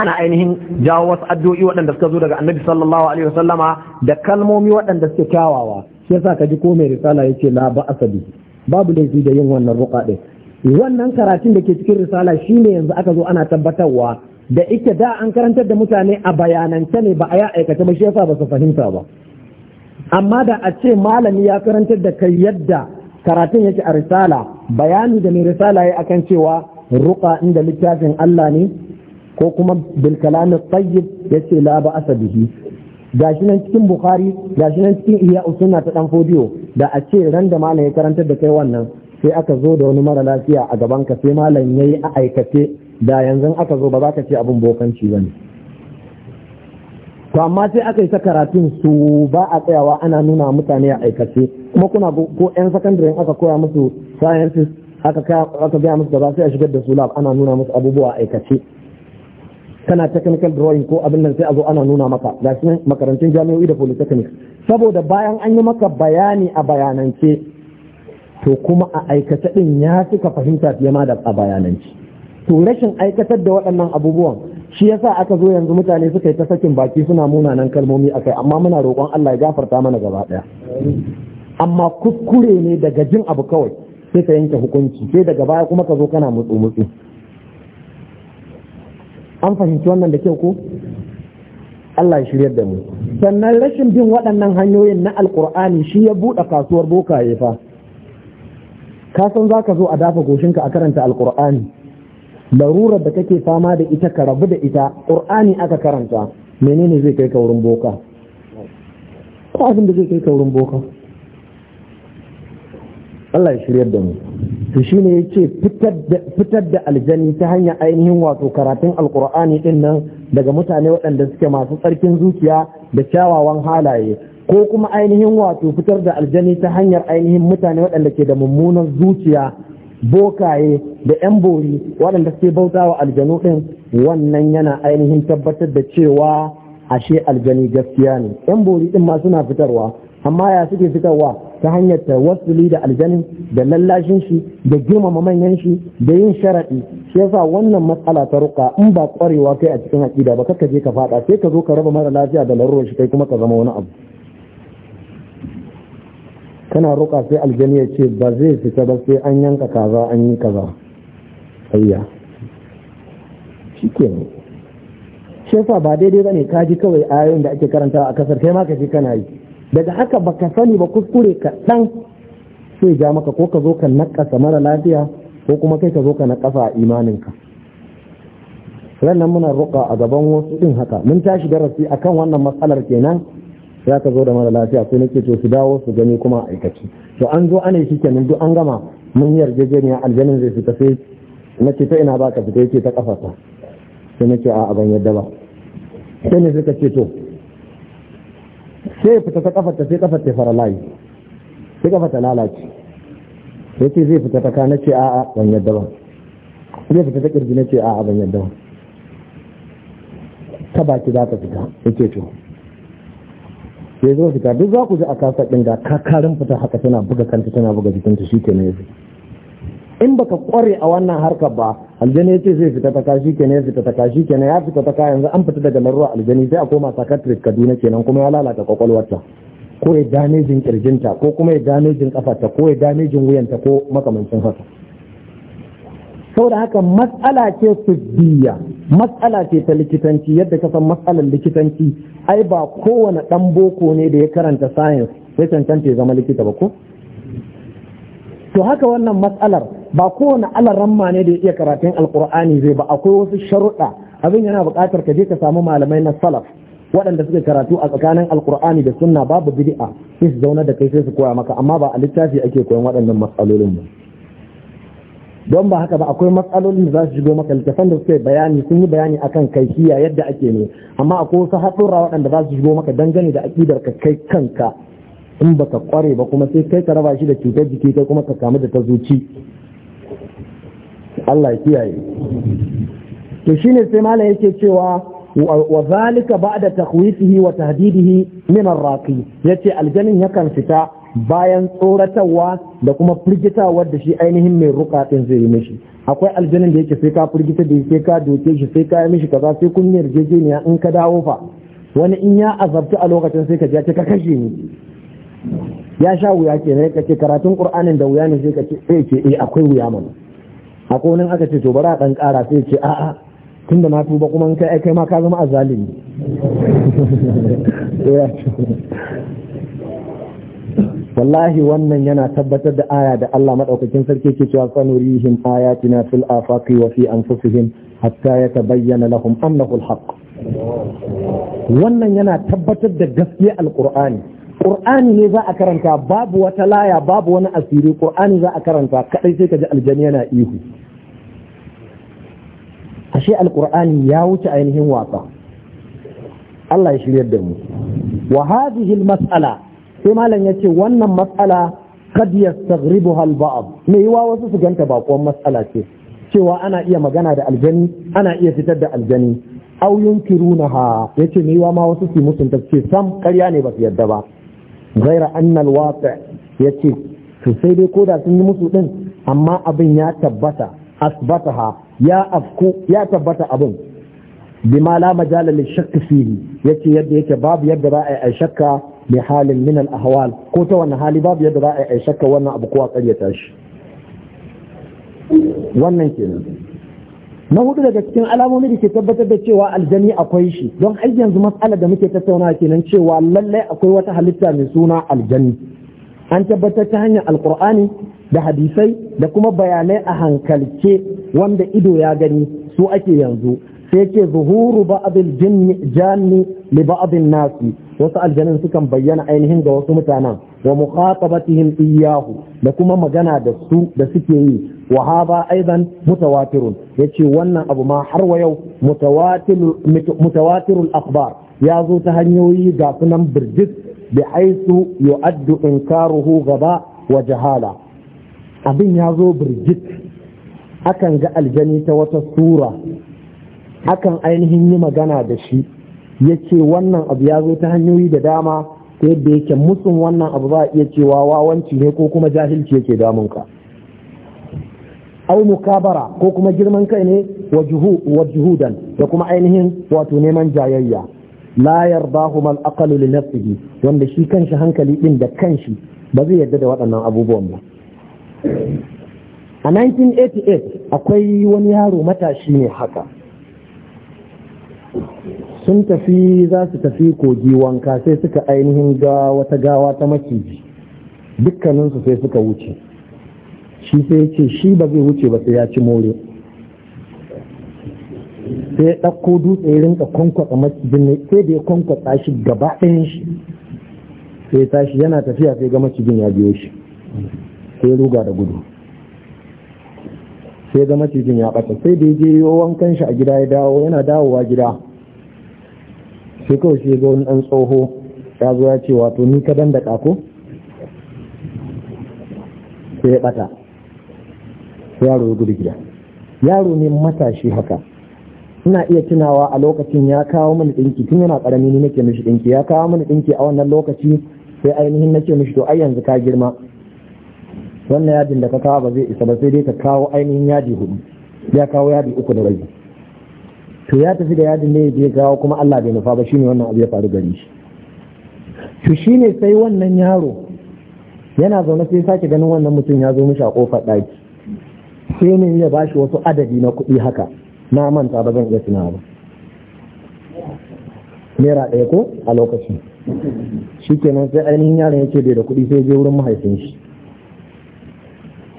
ana ainihin jawo wasu addu'o'i waɗanda suka zo daga annabi sallallahu alaihi wasallama da kalmomi waɗanda suke kyawawa shi yasa ka ji ko mai risala yace la ba asabi babu laifi da yin wannan ruqa din wannan karatun da ke cikin risala shi ne yanzu aka zo ana tabbatarwa da ita da an karantar da mutane a bayanance ne ba a ya aikata ba shi yasa ba su fahimta ba amma da a ce malami ya karantar da kai yadda karatun yake a risala bayani da mai risala ya akan cewa ruka inda littafin Allah ne ko kuma bil kalam tayyib yace la ba asabihi gashi nan cikin bukhari gashi nan cikin iya usuna ta dan fodiyo da a ce ran da malam ya karantar da kai wannan sai aka zo da wani mara lafiya a gaban ka sai malam yayi a aikace da yanzu aka zo ba za ka ce abin bokanci bane to amma sai aka yi ta karatun su ba a tsayawa ana nuna mutane a aikace kuma kuna ko yan sakandare aka koya musu sciences aka gaya musu da ba sai a shigar da su lab ana nuna musu abubuwa a aikace kana technical drawing ko abin nan sai a zo ana nuna maka shi makarantun jami'o'i da polytechnics saboda bayan an yi maka bayani a bayanance to kuma a aikata din ya suka fahimta fiye ma da a bayanance to rashin aikatar da waɗannan abubuwan shi yasa aka zo yanzu mutane suka yi ta sakin baki suna munanan kalmomi akai amma muna roƙon Allah ya gafarta mana gaba ɗaya amma kuskure ne daga jin abu kawai sai ka yanke hukunci sai daga baya kuma ka zo kana mutsu mutsu an fahimci wannan da kyau ko Allah ya shiryar da mu sannan rashin bin waɗannan hanyoyin na alkur'ani shi ya buɗe kasuwar bokaye fa ka san za ka zo a dafa goshinka a karanta alkur'ani larurar da kake fama da ita ka rabu da ita ƙur'ani aka karanta menene zai kai ka wurin boka ko abin da zai kai ka wurin boka Allah ya shirya da mu to shine yace fitar da fitar da aljani ta hanyar ainihin wato karatun Alkur'ani din nan daga mutane waɗanda suke masu tsarkin zuciya da kyawawan halaye ko kuma ainihin wato fitar da aljani ta hanyar ainihin mutane waɗanda ke da mummunan zuciya bokaye da 'yan bori waɗanda suke bauta wa aljanu ɗin wannan yana ainihin tabbatar da cewa ashe aljani gaskiya ne 'yan bori ɗin ma suna fitarwa amma ya suke fitarwa ta hanyar ta tawassuli da aljanin da lallashin shi da girmama manyan shi da yin sharaɗi shi yasa wannan matsala ta ruka in ba kwarewa kai a cikin aƙida ba kaka je ka faɗa sai ka zo ka raba mara lafiya da larurar shi kai kuma ka zama wani abu kana ruka sai aljani ya ce ba zai fita ba sai an yanka kaza an yi kaza ayya shi shi yasa ba daidai ne ka ji kawai ayoyin da ake karanta a kasar kai ma ka ji kana yi daga haka baka sani ba kuskure ka dan sai ja maka ko ka zo ka nakasa mara lafiya ko kuma kai ka zo ka nakasa a imaninka sannan muna roƙa a gaban wasu din haka mun tashi darasi akan wannan matsalar kenan ya ka zo da mara lafiya sai nake to su dawo su gani kuma aikaci to an zo ana shi kenan duk an gama mun yarjejeniya aljanin zai fita sai nace ta ina baka fita yake ta kafasa sai nace a ban yadda ba sai ne suka ce to sai ya fita ta kafarta sai kafar ta fara layi sai kafar ta lalace sai ce zai fita ta ka a a'a ban yadda ba zai fita ta kirji a a'a ban yadda ba ta baki za ka fita ce to sai zo fita duk za ku ji a kasar ɗin ga kakarin fita haka tana buga kanta tana buga jikinta shi ke na yanzu in baka kware a wannan harkar ba aljani ya ce zai fita ta kashi kenan ya fita ta kashi kenan ya fita ta kayan yanzu an fita daga ruwa aljani sai a koma psychiatrist kaduna kenan kuma ya lalata kwakwalwarta ko ya damejin kirjinta ko kuma ya damejin kafarta ko ya damejin wuyanta ko makamancin haka Sau da haka matsala ce biya. matsala ce ta likitanci yadda ka san matsalar likitanci ai ba kowane ɗan boko ne da ya karanta science sai cancanta ya zama likita ba ko to haka wannan matsalar ba kowane alaramma ne da ya iya karatun alkur'ani zai ba akwai wasu sharuɗa abin yana buƙatar ka je ka samu malamai na salaf waɗanda suka karatu a tsakanin alkur'ani da sunna babu bid'a sai su zauna da kai sai su koya maka amma ba a littafi ake koyan waɗannan matsalolin ba don ba haka ba akwai matsalolin da za su shigo maka littafan da suka yi bayani sun yi bayani akan kaifiya yadda ake ne amma akwai wasu haɗura waɗanda za su shigo maka dangane da aƙidar ka kai kanka in ka kware ba kuma sai kai ka raba shi da cutar jiki kai kuma ka kamu da ta zuci Allah ya kiyaye to shine sai malam yake cewa wa zalika ba'da takhwifihi wa tahdidihi min ar-raqi yace aljanin yakan fita bayan tsoratarwa da kuma firgitawa da shi ainihin mai ruka din zai yi mishi akwai aljanin da yake sai ka firgita da sai ka doke shi sai ka yi mishi kaza sai kun yarjejeniya in ka dawo fa wani in ya azabta a lokacin sai ka je ka kashe ni ya sha wuya ke ne kace karatun qur'anin da wuya ne sai kace sai ce eh, eh akwai wuya mana akwai wani aka ce to bara dan kara sai ce a'a tunda na tuba kuma in kai kai ma ka zama azalimi wallahi wannan yana tabbatar da aya da Allah madaukakin sarki ke cewa sanurihim ayatina fil afaqi wa fi anfusihim hatta yatabayyana lahum annahu alhaq wannan yana tabbatar da gaske alqur'ani Qur'ani ne za a karanta babu wata laya babu wani asiri Qur'ani za a karanta Kaɗai sai ka ji aljani yana ihu ashe Al-Ƙur'ani ya wuce ainihin wasa Allah ya shirya da mu wa hadhihi almas'ala sai malam ya ce wannan mas'ala kad yastaghribuha alba'd me yawa wasu su ganta bakon mas'ala ce cewa ana iya magana da aljani ana iya fitar da aljani aw yunkirunaha yace me yawa ma wasu su musunta ce sam ƙarya ne ba su yadda ba gaira annal waqi yace to sai dai koda sun yi musu din amma abin ya tabbata asbataha ya afku ya tabbata abin bima la majala lil shakk fihi yace yadda yake babu yadda za a yi shakka bi halin min al ahwal ko ta wannan hali babu yadda za a yi shakka wannan abu ko a karyata shi wannan kenan na hudu daga cikin alamomi da ke tabbatar da cewa aljani akwai shi don har yanzu matsala da muke tattaunawa kenan cewa lallai akwai wata halitta mai suna aljani an tabbatar ta hanyar alkur'ani da hadisai da kuma bayanai a hankalce wanda ido ya gani su ake yanzu sai ke zuhuru ba'adul jinni jani li ba'dil nasi wasu aljanin sukan bayyana ainihin ga wasu mutanen wa muqatabatihim iyyahu da kuma magana da su da suke yi wa haba aidan mutawatirun yace wannan abu ma har wa yau mutawatirul akhbar ya zo ta hanyoyi ga sunan birjit bi haisu yu'addu inkaruhu gaba wa jahala abin ya zo birjit akan ga aljani ta wata sura akan ainihin yi magana da shi ya ce wannan abu ya zo ta hanyoyi da dama ta yadda yake musun wannan abu ba iya cewa wawanci ne ko kuma jahilci yake damunka au mukabara ko kuma girman kai ne wa juhudan da kuma ainihin wato neman jayayya la yardahu mal aqalu li nafsihi wanda shi kanshi hankali ɗin da kanshi ba zai yarda da waɗannan abubuwan ba a 1988 akwai wani yaro matashi ne haka sun tafi za su tafi kogi wanka sai suka ainihin ga wata gawa ta maciji dukkaninsu sai suka wuce shi sai ce shi ba zai wuce ba sai ya ci more sai ya ɗauko dutse ya rinka kwankwasa macijin ne sai da ya kwankwasa shi gaba ɗayan shi sai tashi yana tafiya sai ga macijin ya biyo shi sai ruga da gudu sai ga macijin ya ɓata sai da ya je wankan shi a gida ya dawo yana dawowa gida sai kawai shi ga wani ɗan tsoho ya zo ya ce wato ni ka dan da ko sai ya ɓata yaro ya gudu gida yaro ne matashi haka ina iya tunawa a lokacin ya kawo mini ɗinki tun yana ƙarami ni nake mishi ɗinki ya kawo mini ɗinki a wannan lokaci sai ainihin nake mishi to ai yanzu ka girma wannan yadin da ka kawo ba zai isa ba sai dai ka kawo ainihin yadi hudu ya kawo yadi uku da rabi to ya tafi da yadin ne ya kawo kuma Allah bai nufa ba shine wannan abu ya faru gari shi to shine sai wannan yaro yana zaune sai sake ganin wannan mutum ya zo mishi a kofar ɗaki sai ne ya bashi wasu adadi na kuɗi haka na manta ba zan iya tuna ba naira ɗaya ko a lokacin shi kenan sai ainihin yaron yake bai da kuɗi sai je wurin mahaifin shi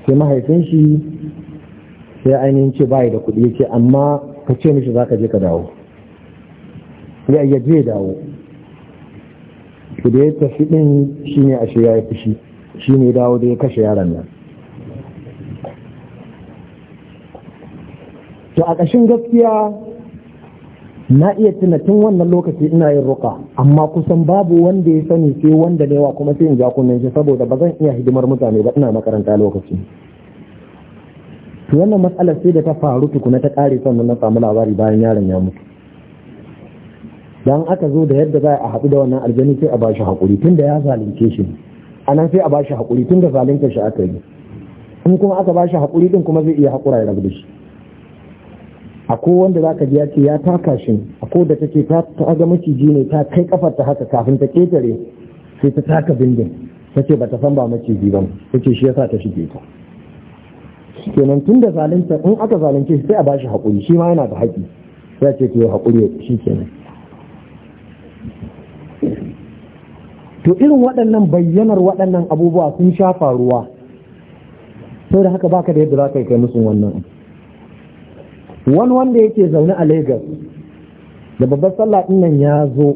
sai mahaifin shi sai ainihin ce bai da kuɗi ce amma ka ce mishi za ka je ka dawo ya yi je dawo da ya tafi ɗin shi ne ashe ya yi fushi shi ne dawo da ya kashe yaron nan to a ƙashin gaskiya na iya tuna tun wannan lokaci ina yin roƙa amma kusan babu wanda ya sani sai wanda ne wa kuma sai in ja kunnen shi saboda ba zan iya hidimar mutane ba ina makaranta lokaci su wannan matsalar sai da ta faru tukuna ta ƙare sannan na samu labari bayan yaron ya mutu dan aka zo da yadda za a haɗu da wannan aljani sai a ba shi haƙuri tun da ya zalunce shi nan sai a ba shi haƙuri da zalunta shi aka yi in kuma aka ba shi haƙuri ɗin kuma zai iya haƙura ya rabu da shi A ko wanda zaka ji ya ce ya taka shi ko da take ta ga maciji ne ta kai kafar ta haka kafin ta ketare sai ta taka bindin ta ce ba ta san ba maciji ba ta ce shi yasa ta shige ta kenan tun da zalunta in aka zalunce sai a bashi haƙuri shi ma yana da haƙi ya ce to haƙuri shi kenan to irin waɗannan bayyanar waɗannan abubuwa sun sha faruwa sau da haka baka da yadda za ka kai musu wannan wani wanda yake zaune a Legas da babbar sallah nan ya zo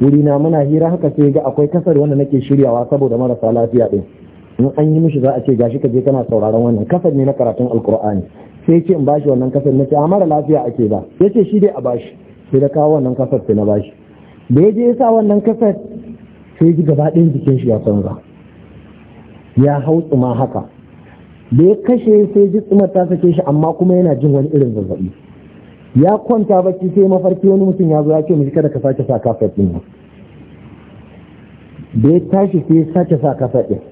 wuri na muna hira haka sai ga akwai kasar wanda nake shiryawa saboda marasa lafiya ɗin in an yi mishi za a ce gashi ka je kana sauraron wannan kasar ne na karatun alkur'ani sai ce in bashi wannan kasar na ce a mara lafiya ake ba ya ce shi dai a bashi sai da kawo wannan kasar sai na bashi da ya je ya sa wannan kasar sai ji gaba ɗin jikin shi ya canza ya hau tsuma haka da ya kashe sai ji tsumar ta sake shi amma kuma yana jin wani irin zazzabi ya kwanta bacci sai mafarki wani mutum ya zo ya ce mai kada ka sake sa kasar ɗin da ya tashi sai ya sake sa kasar ɗin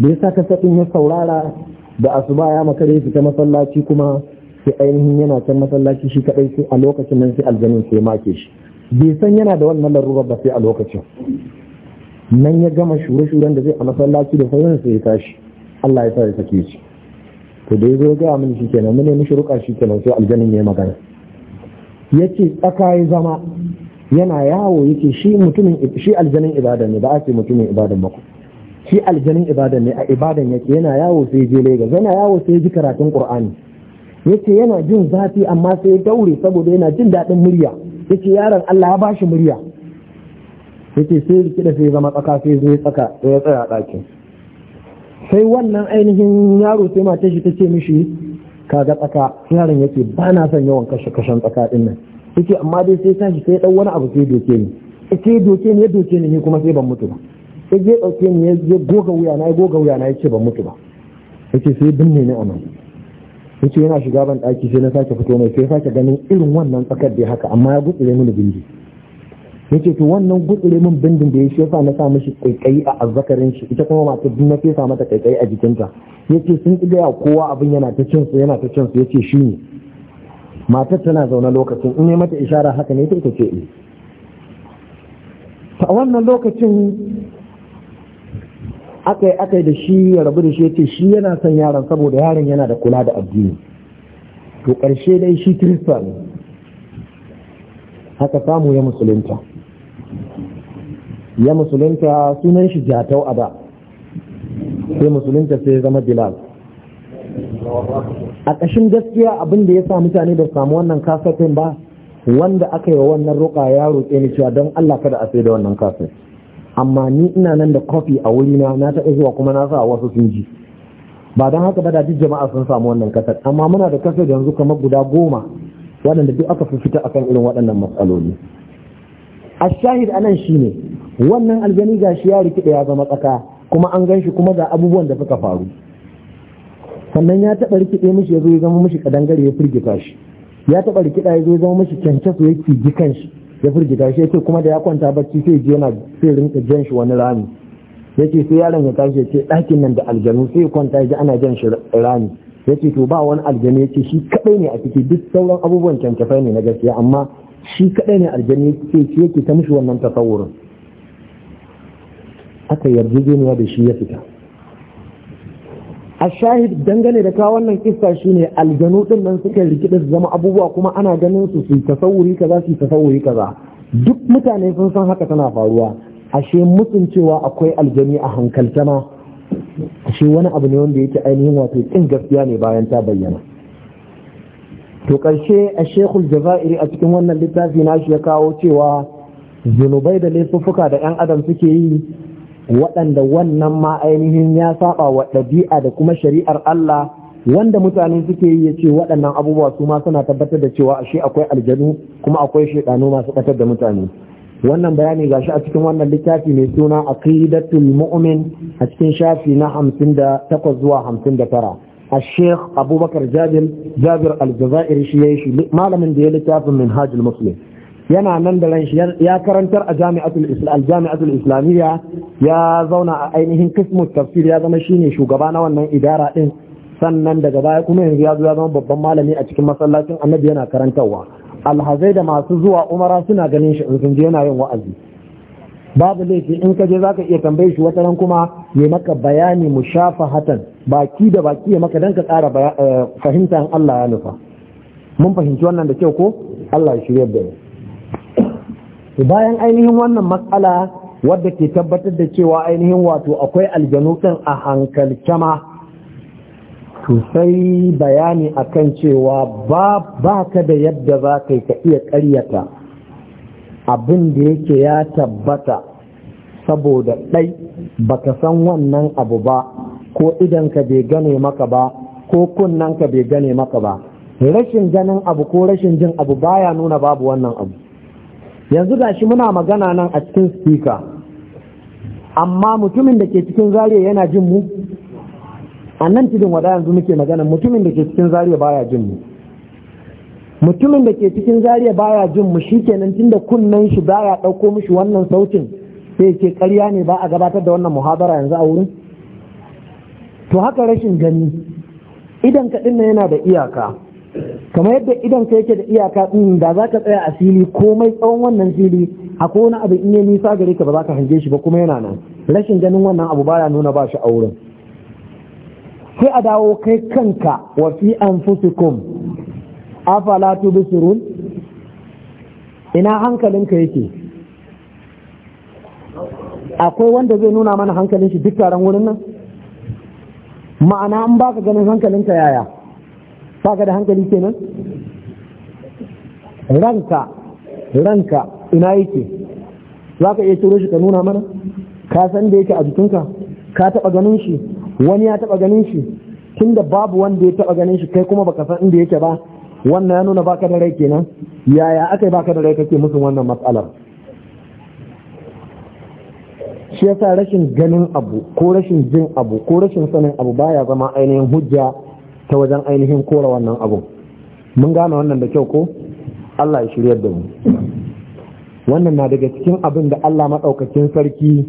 da ya sa kasafin ya saurara da asuba ya ya fita masallaci kuma sai ainihin yana can masallaci shi kaɗai sai a lokacin nan sai aljanin sai make shi bai san yana da wannan larurar ba sai a lokacin nan ya gama shure-shuren da zai a masallaci da sauran sai ya tashi Allah ya sa ya sake shi to da ya zo ga mini shi kenan mun mu ruka shi kenan sai aljanin ya magana yace tsaka ya zama yana yawo yake shi mutumin shi aljanin ibada ne ba a ce mutumin ibadan ba shi aljanin ibadan ne a ibadan yake yana yawo sai je Lagos yana yawo sai ji karatun Qur'ani yace yana jin zafi amma sai daure saboda yana jin daɗin murya yace yaron Allah ya bashi murya yace sai rikida sai zama tsaka sai zai tsaka ya tsaya daki sai wannan ainihin yaro sai mata shi tace mishi kaga tsaka yaron yace ba na son yawan kashe kashen tsaka din nan yace amma dai sai tashi sai dan wani abu sai doke ni sai doke ni ya doke ni kuma sai ban mutu ba ya je ɗauke ni ya goga wuya na ya goga wuya na ya ce ban mutu ba Ya ce sai binne ni a nan Ya ce yana shiga ban ɗaki sai na sake fito mai sai sake ganin irin wannan tsakar da haka amma ya gutsure mini bindi ce to wannan gutsure min bindin da ya shi yasa na sa mishi kaikayi a azzakarin shi ita kuma mata duk na fesa mata kaikayi a jikinta Ya ce sun ki gaya kowa abin yana ta cin su yana ta cin su yace shi ne matar tana zaune lokacin in ne mata ishara haka ne ita ce ne eh. a wannan lokacin aka yi aka yi da shi ya rabu da shi ce shi yana son yaron saboda yaron yana da kula da addini to ƙarshe dai shi kirista ne haka samu ya musulunta ya musulunta sunan shi jatau a ba sai musulunta sai zama bilal a ƙashin gaskiya abin da ya sa mutane da samu wannan kasafin ba wanda aka yi wa wannan roƙa ya roƙe ni cewa don allah kada a sai da wannan kasafin amma ni ina nan da kofi a wurina na taɓa zuwa kuma na sa wasu sun ji ba don haka ba da duk jama'a sun samu wannan kasar amma muna da kasar yanzu kamar guda goma waɗanda duk aka fi fita akan irin waɗannan matsaloli a shahid anan ne wannan aljani ga shi ya rikida ya zama tsaka kuma an gan shi kuma ga abubuwan da suka faru sannan ya taɓa rikide mishi ya zo ya zama mishi kadangare ya firgita shi ya taɓa rikida ya zo ya zama mashi kyankyaso ya ji kan shi ya firgita shi yace kuma da ya kwanta bacci sai ji yana sai rinka jan shi wani rami yace sai yaron ya tashi yace ɗakin nan da aljanu sai kwanta ya ji ana jan shi rami yace to ba wani aljanu yace shi kaɗai ne a ciki duk sauran abubuwan kyankyafai ne na gaskiya amma shi kaɗai ne aljanu yace shi yake ta mishi wannan tasawurin aka yarjejeniya da shi ya fita a shahid dangane da ka wannan shi shine aljanu ɗin nan suka rikida su zama abubuwa kuma ana ganin su su tasawuri kaza su tasawuri kaza duk mutane sun san haka tana faruwa ashe mutun cewa akwai aljani a hankalta ma ashe wani abu ne wanda yake ainihin wato kin gaskiya ne bayan ta bayyana to karshe a shekul jazairi a cikin wannan littafi nashi ya kawo cewa zunubai da laifuffuka da 'yan adam suke yi waɗanda wannan ma ainihin ya saba wa ɗabi'a da kuma shari'ar Allah wanda mutane suke yi yace waɗannan abubuwa su ma suna tabbatar da cewa ashe akwai aljanu kuma akwai shaidanu masu ƙatar da mutane wannan bayani gashi a cikin wannan littafi mai suna aqidatul mu'min a cikin shafi na 58 zuwa 59 الشيخ أبو بكر جابر جابر الجزائري شيء malamin da ya yi من هاج المسلم yana nan da ran ya karantar a jami'atul islamiyya ya zauna a ainihin kismus tafsir ya zama shi ne shugaba na wannan idara din sannan daga baya kuma yanzu ya zo zama babban malami a cikin masallacin annabi yana karantarwa alhazai da masu zuwa umara suna ganin shi in sun je yana yin wa'azi babu laifi in ka je zaka iya tambaye shi wata ran kuma ya maka bayani mushafahatan baki da baki ya maka dan ka tsara eh, fahimta in Allah ya nufa mun fahimci wannan da kyau ko Allah ya shirya da mu bayan ainihin wannan matsala wadda ke tabbatar da cewa ainihin wato akwai aljanu a hankalce ma to sai bayani akan cewa ba ka da yadda za ka ka iya karyata? abin da yake ya tabbata saboda ɗai ba ka san wannan abu ba ko ka bai gane maka ba ko ka bai gane maka ba rashin ganin abu ko rashin jin abu baya nuna babu wannan abu yanzu gashi muna magana nan a cikin speaker amma mutumin da ke cikin zariya yana jin mu a nan cikin wada yanzu muke magana mutumin da ke cikin zariya baya jin mu mutumin da ke cikin zariya baya jin mu shikenan tunda kunnen shi baya dauko mishi wannan sautin sai ke ƙarya ne ba a gabatar da wannan muhabara yanzu a wurin to haka rashin gani idan ka dinnan yana da iyaka kamar yadda idan ka yake da iyaka din da za ka tsaya a fili komai tsawon wannan fili akwai wani abu in ya nisa gare ka ba za ka hange shi ba kuma yana nan rashin ganin wannan abu baya nuna ba shi a wurin sai a dawo kai kanka wa fi anfusikum afala tubsirun ina hankalinka yake akwai wanda zai nuna mana hankalin shi duk taron wurin nan ma'ana an baka ganin hankalinka yaya baka da hankali kenan ranka ranka ina yake za ka iya turo shi ka nuna mana ka san da yake a jikinka ka taba ganin shi wani ya taba ganin shi tunda babu wanda ya taba ganin shi kai kuma baka san inda yake ba wannan ya nuna baka da rai kenan yaya aka baka da rai kake musu wannan matsalar shi yasa rashin ganin abu ko rashin jin abu ko rashin sanin abu baya zama ainihin hujja ta wajen ainihin kora wannan abu. mun gane wannan da kyau ko Allah ya shiryar da mu wannan na daga cikin abin da Allah maɗaukakin sarki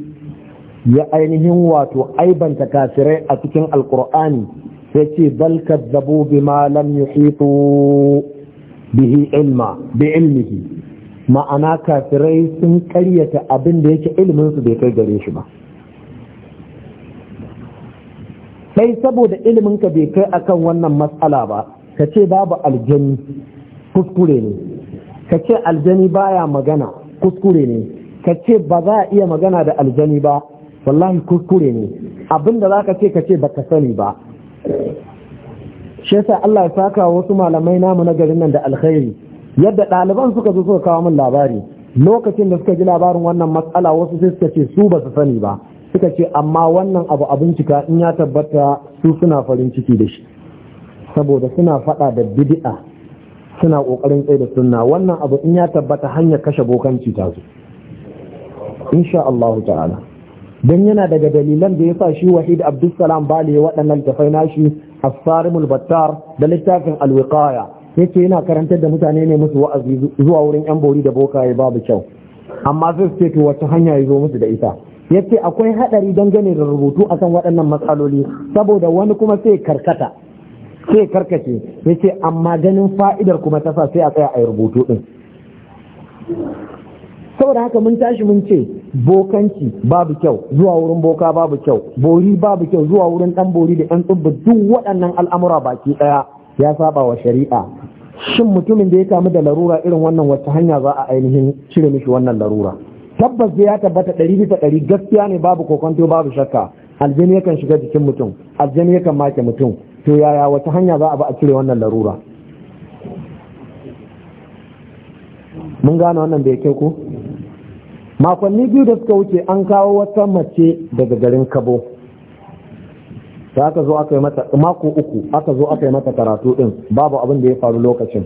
ya ainihin wato aibanta kafirai a cikin alkur'ani sai ce bal kazzabu bima lam yuhitu bihi ilma bi ilmihi ma'ana kafirai sun karyata abin da yake ilimin su bai kai gare shi ba kai saboda ilimin bai kai akan wannan matsala ba ka ce babu aljani kuskure ne ka ce aljani baya magana kuskure ne ka ce ba za a iya magana da aljani ba wallahi kuskure ne abinda za ka ce ka ce ba ka sani ba shi yasa Allah ya saka wasu malamai namu na garin nan da alkhairi yadda ɗaliban suka zo suka kawo min labari lokacin da suka ji labarin wannan matsala wasu sai suka ce su ba su sani ba suka ce amma wannan abu abin cika in ya tabbata su suna farin ciki da shi saboda suna faɗa da bid'a suna kokarin tsaye da sunna wannan abu in ya tabbata hanyar kashe bokanci ta zo insha Allah ta'ala dan yana daga dalilan da yasa shi Wahid Abdulsalam Bali waɗannan tafai nashi As-Sarimul Battar da littafin Al-Wiqaya yake yana karantar da mutane ne musu wa'azi zuwa wurin yan bori da bokaye babu kyau amma zai ce to wata hanya ya zo musu da ita Ya ce akwai hadari dangane da rubutu akan waɗannan matsaloli saboda wani kuma sai karkata sai karkace ce amma ganin fa'idar kuma ta sa sai a tsaya a rubutu din saboda haka mun tashi mun ce bokanci babu kyau zuwa wurin boka babu kyau bori babu kyau zuwa wurin ɗan bori da yan tsubba duk waɗannan al'amura baki ɗaya ya saba wa shari'a shin mutumin da ya kamu da larura irin wannan wacce hanya za a ainihin cire mishi wannan larura tabbas ya tabbata ɗari bisa ɗari gaskiya ne babu kokonto babu shakka aljani yakan shiga jikin mutum aljani yakan make mutum to yaya wata hanya za a ba a cire wannan larura mun gane wannan da ya kyau ko makonni biyu da suka wuce an kawo wata mace daga garin kabo ta aka zo aka yi mata mako uku aka zo aka yi mata karatu din babu abin da ya faru lokacin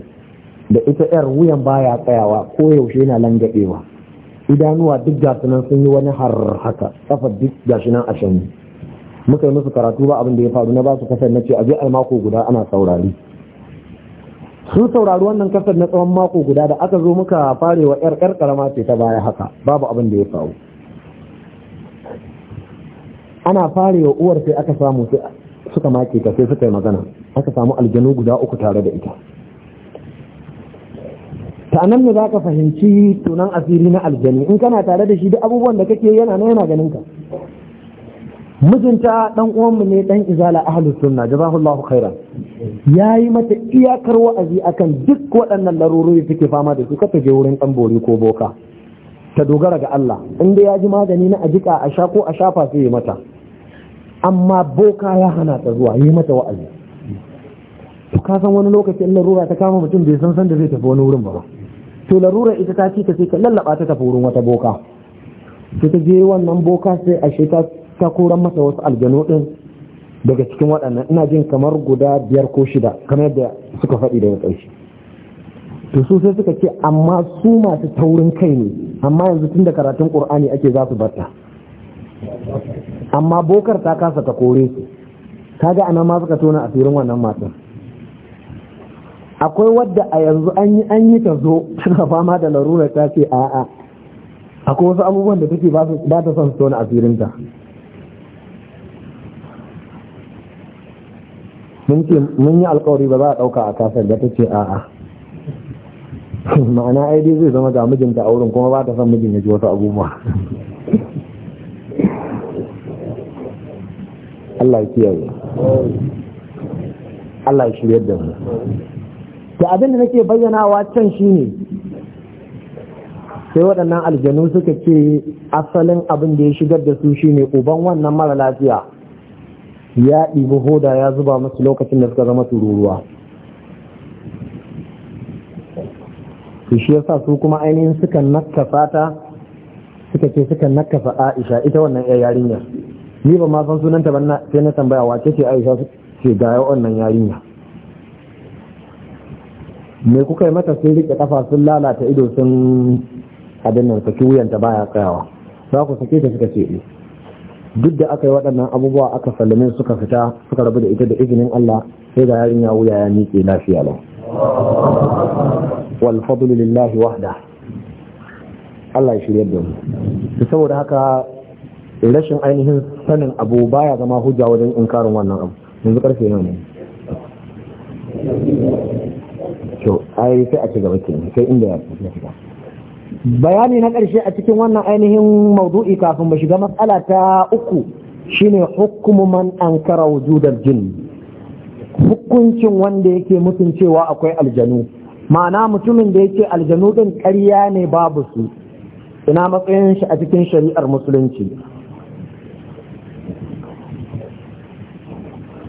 da ita yar wuyan baya tsayawa ko yaushe yana langabewa idanuwa duk gasunan sun yi wani har haka kafa duk gasunan nan a shanyi muka yi musu karatu ba abin da ya faru na ba su kasar na ce a je mako guda ana saurari sun saurari wannan kasar na tsawon mako guda da aka zo muka wa yar yar karama ce ta baya haka babu abin da ya faru ana wa uwar sai aka samu sai suka make ta sai suka yi magana aka samu aljanu guda uku tare da ita ta nan ne za ka fahimci tunan asiri na aljani in kana tare da shi duk abubuwan da kake yana na yana ganin ka mijinta dan uwanmu ne dan izala ahlus sunna jazahullahu khairan yayi mata iyakar wa'azi akan duk waɗannan larurori suke fama da su ka je wurin dan bori ko boka ta dogara ga Allah in dai ya ji magani na ajika a sha ko a shafa sai ya mata amma boka ya hana ta zuwa yi mata wa'azi to ka san wani lokaci in larura ta kama mutum bai san san da zai tafi wani wurin ba to larura ita ta ci ta sai ka lallaba ta tafi wurin wata boka sai ta je wannan boka sai a ta ta koran masa wasu aljanu din daga cikin waɗannan ina jin kamar guda biyar ko shida kamar yadda suka faɗi daga ƙarshe to su sai suka ce amma su masu taurin kai ne amma yanzu tun da karatun ƙur'ani ake za su barta amma bokar ta kasa ta kore su ga ana ma suka tona asirin wannan matan akwai wadda a yanzu an yi ta zo suna fama da larura ta ce a'a akwai wasu abubuwan da take ba ta son su tona asirinta mun ce mun yi alkawari ba za a ɗauka a kasar da ta ce a'a ma'ana ai dai zai zama ga mijinta a wurin kuma ba ta son mijin ya ji wasu abubuwa Allah ya kiyaye Allah ya shirya da mu da abin da nake wa can shine sai waɗannan aljanu suka ce asalin abin da ya shigar da su shine uban wannan mara lafiya ya ɗibi hoda ya zuba musu lokacin da suka zama tururuwa shi yasa su kuma ainihin suka nakasa ta suka ce suka nakasa aisha ita wannan yarinya? ni ba ma san sunanta ba sai na tambaya wace ce aisha ce ga wannan yarinya me kuka yi mata sun rike kafa sun lalata ido sun abin nan saki wuyanta baya kayawa za ku sake ta suka ce eh. duk da aka yi waɗannan abubuwa aka sallame suka fita suka rabu da ita da izinin Allah sai da yarin ya wuya ya miƙe lafiya lau wal fadlu lillahi wahda Allah ya shirya da mu saboda haka rashin ainihin sanin abu baya zama hujja wajen inkarin wannan abu yanzu karfe nawa ne to ai sai a ci gaba ke sai inda ya shiga bayani na ƙarshe a cikin wannan ainihin maudu'i kafin ba shiga matsala ta uku shine hukumu man ankara wujudar jin hukuncin wanda yake mutuncewa akwai aljanu ma'ana mutumin da yake aljanu din ƙarya ne babu su ina matsayin shi a cikin shari'ar musulunci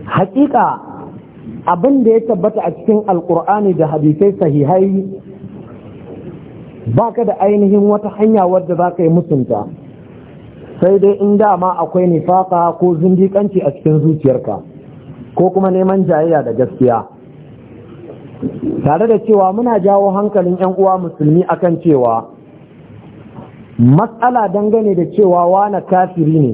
hakika abin da ya tabbata a cikin alkur'ani da hadisai sahihai ka da ainihin wata hanya wadda za ka yi mutunta sai dai in dama akwai nifaka ko zindikanci a cikin zuciyarka ko kuma neman jayayya da gaskiya tare da cewa muna jawo hankalin 'yan uwa musulmi akan cewa matsala dangane da cewa wane kafiri ne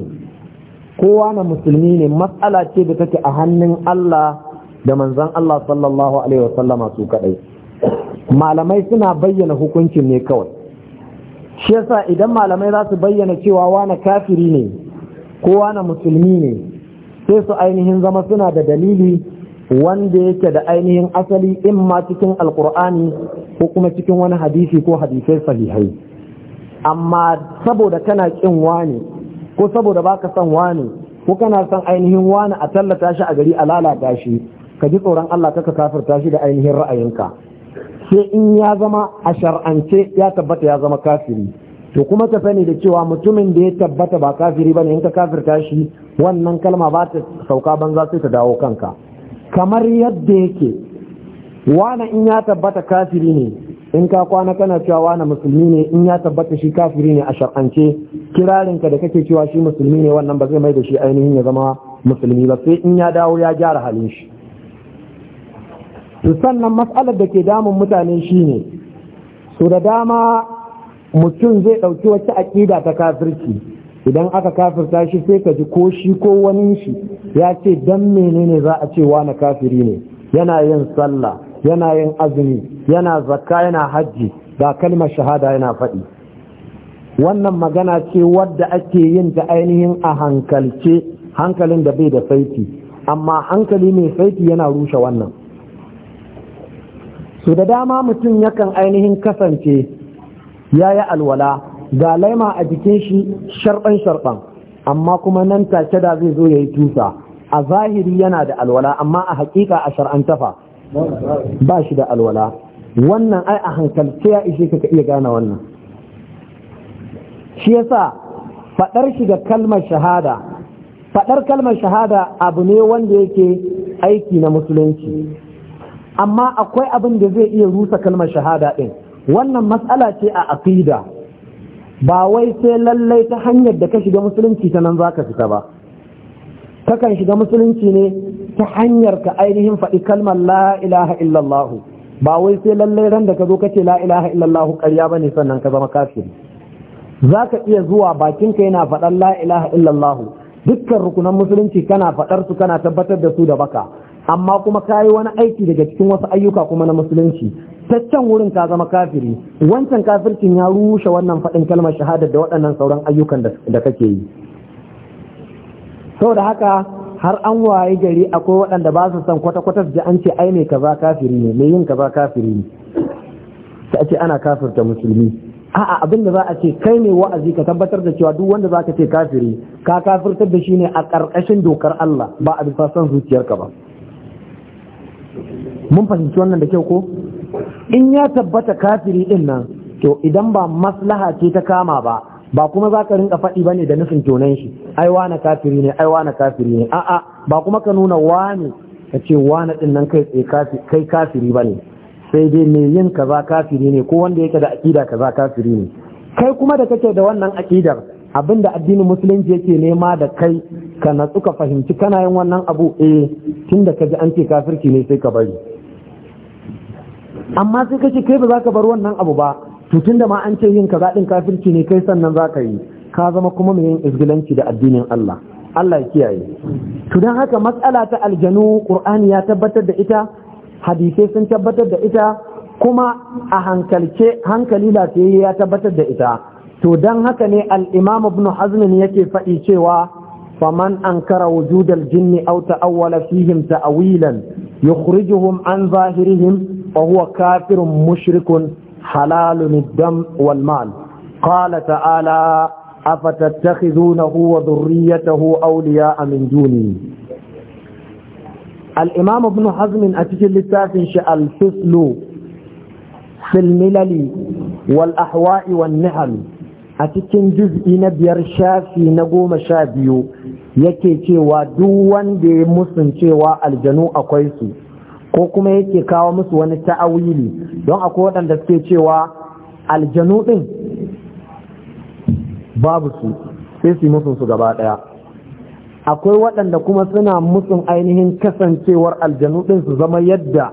ko wane musulmi ne matsala ce da take a hannun Allah da manzan Allah sallallahu alaihi wasallama su kadai malamai suna bayyana hukuncin ne kawai shi yasa idan malamai za su bayyana cewa wane kafiri ne ko wane musulmi ne sai su ainihin zama suna da dalili wanda yake da ainihin asali in ma cikin alkur'ani ko kuma cikin wani hadisi ko hadisai sahihai amma saboda kana kin wane ko saboda baka son wane ko kana son ainihin wani a tallata shi a gari a lalata shi ka ji tsoron Allah ka kafirta shi da ainihin ra'ayinka sai in ya zama a shar'ance ya tabbata ya zama kafiri to kuma ka sani da cewa mutumin da ya tabbata ba kafiri bane in ka kafirta shi wannan kalma ba ta sauka banza sai ta dawo kanka kamar yadda yake wani in ya tabbata kafiri ne in ka kwana kana cewa wani musulmi ne in ya tabbata shi kafiri ne a shar'ance kirarinka da kake cewa shi musulmi ne wannan ba zai mai da shi ainihin ya zama musulmi ba sai in ya dawo ya gyara halin shi to sannan matsalar da ke damun mutane shine su da dama mutum zai ɗauki wata aƙida ta kafirci idan aka kafirta shi sai ka ji ko shi ko wani shi ya ce dan menene za a ce wani kafiri ne yana yin sallah yana yin azumi yana zakka yana hajji ba kalmar shahada yana faɗi wannan magana ce wadda ake yin ta ainihin a hankalce hankalin da bai da saiti amma hankali mai saiti yana rushe wannan so da dama mutum yakan ainihin kasance ya yi alwala ga laima a jikin shi sharɓan sharɓan amma kuma nan take da zai zo ya yi tusa a zahiri yana da alwala amma a hakika a shar'anta ba shi da alwala wannan ai a hankalce ya ishe ka iya gane wannan shi yasa faɗar shi da kalmar shahada faɗar kalmar shahada abu ne wanda yake aiki na musulunci amma akwai abin da zai iya rusa kalmar shahada ɗin wannan matsala ce a aqida ba wai sai lallai ta hanyar da ka shiga musulunci ta nan za ka fita ba kakan shiga musulunci ne ta hanyar ka ainihin faɗi kalmar la ilaha illallah ba wai sai lallai ran da ka zo ka ce la ilaha illallah ƙarya ba ne sannan ka zama kafiri za ka iya zuwa bakinka yana faɗan la ilaha illallah dukkan rukunan musulunci kana faɗar su kana tabbatar da su da baka amma kuma ka yi wani aiki daga cikin wasu ayyuka kuma na musulunci ta can wurin ka zama kafiri wancan kafircin ya rushe wannan faɗin kalmar shahada da waɗannan sauran ayyukan da kake yi saboda haka har an waye gari akwai waɗanda ba su san kwata-kwata da an ce ai mai kaza kafiri ne mai yin kaza kafiri ne ta ce ana kafirta musulmi a'a abin da za a ce kai ne wa'azi ka tabbatar da cewa duk wanda za ka ce kafiri ka kafirtar da shi ne a ƙarƙashin dokar Allah ba a bisa son zuciyarka ba mun fahimci wannan da kyau ko in ya tabbata kafiri din nan to idan ba maslaha ce ta kama ba ba kuma za ka rinka faɗi bane da nufin tonan shi ai wane kafiri ne ai wane kafiri ne a'a ba kuma ka nuna wane ka ce wane din nan kai kai kafiri bane sai dai me yin kaza kafiri ne ko wanda yake da ka kaza kafiri ne kai kuma da kake da wannan abin da addinin musulunci yake nema da kai ka natsu ka fahimci kana yin wannan abu eh tunda ka ji an ce kafirki ne sai ka bari amma sai kace kai ba za ka bar wannan abu ba to tunda ma an ce yin ka din kafirci ne kai sannan za ka yi ka zama kuma mai yin izgilanci da addinin Allah Allah ya kiyaye to dan haka matsala ta aljanu Qur'ani ya tabbatar da ita hadisai sun tabbatar da ita kuma a hankalce hankali lafiyayye ya tabbatar da ita to don haka ne imam ibn hazmin yake faɗi cewa faman an kara wujudar jinni au ta'awwala fihim ta'awilan yukhrijuhum an zahirihim fa kafirin kafirun mushrikun halalun dam wal mal qala ta'ala afatattakhidunahu wa dhurriyyatahu awliya'a min duni al-imam ibn hazm a cikin littafin shi al-fislu fil milali wal ahwa'i wan a cikin juz'i na biyar shafi na goma sha biyu yake cewa duk wanda ya musun cewa aljanu akwai su ko kuma yake kawo musu wani ta'awili don akwai waɗanda suke cewa aljanu ɗin babu su sai su musun su gaba ɗaya akwai waɗanda kuma suna musu ainihin kasancewar aljanu ɗin su zama yadda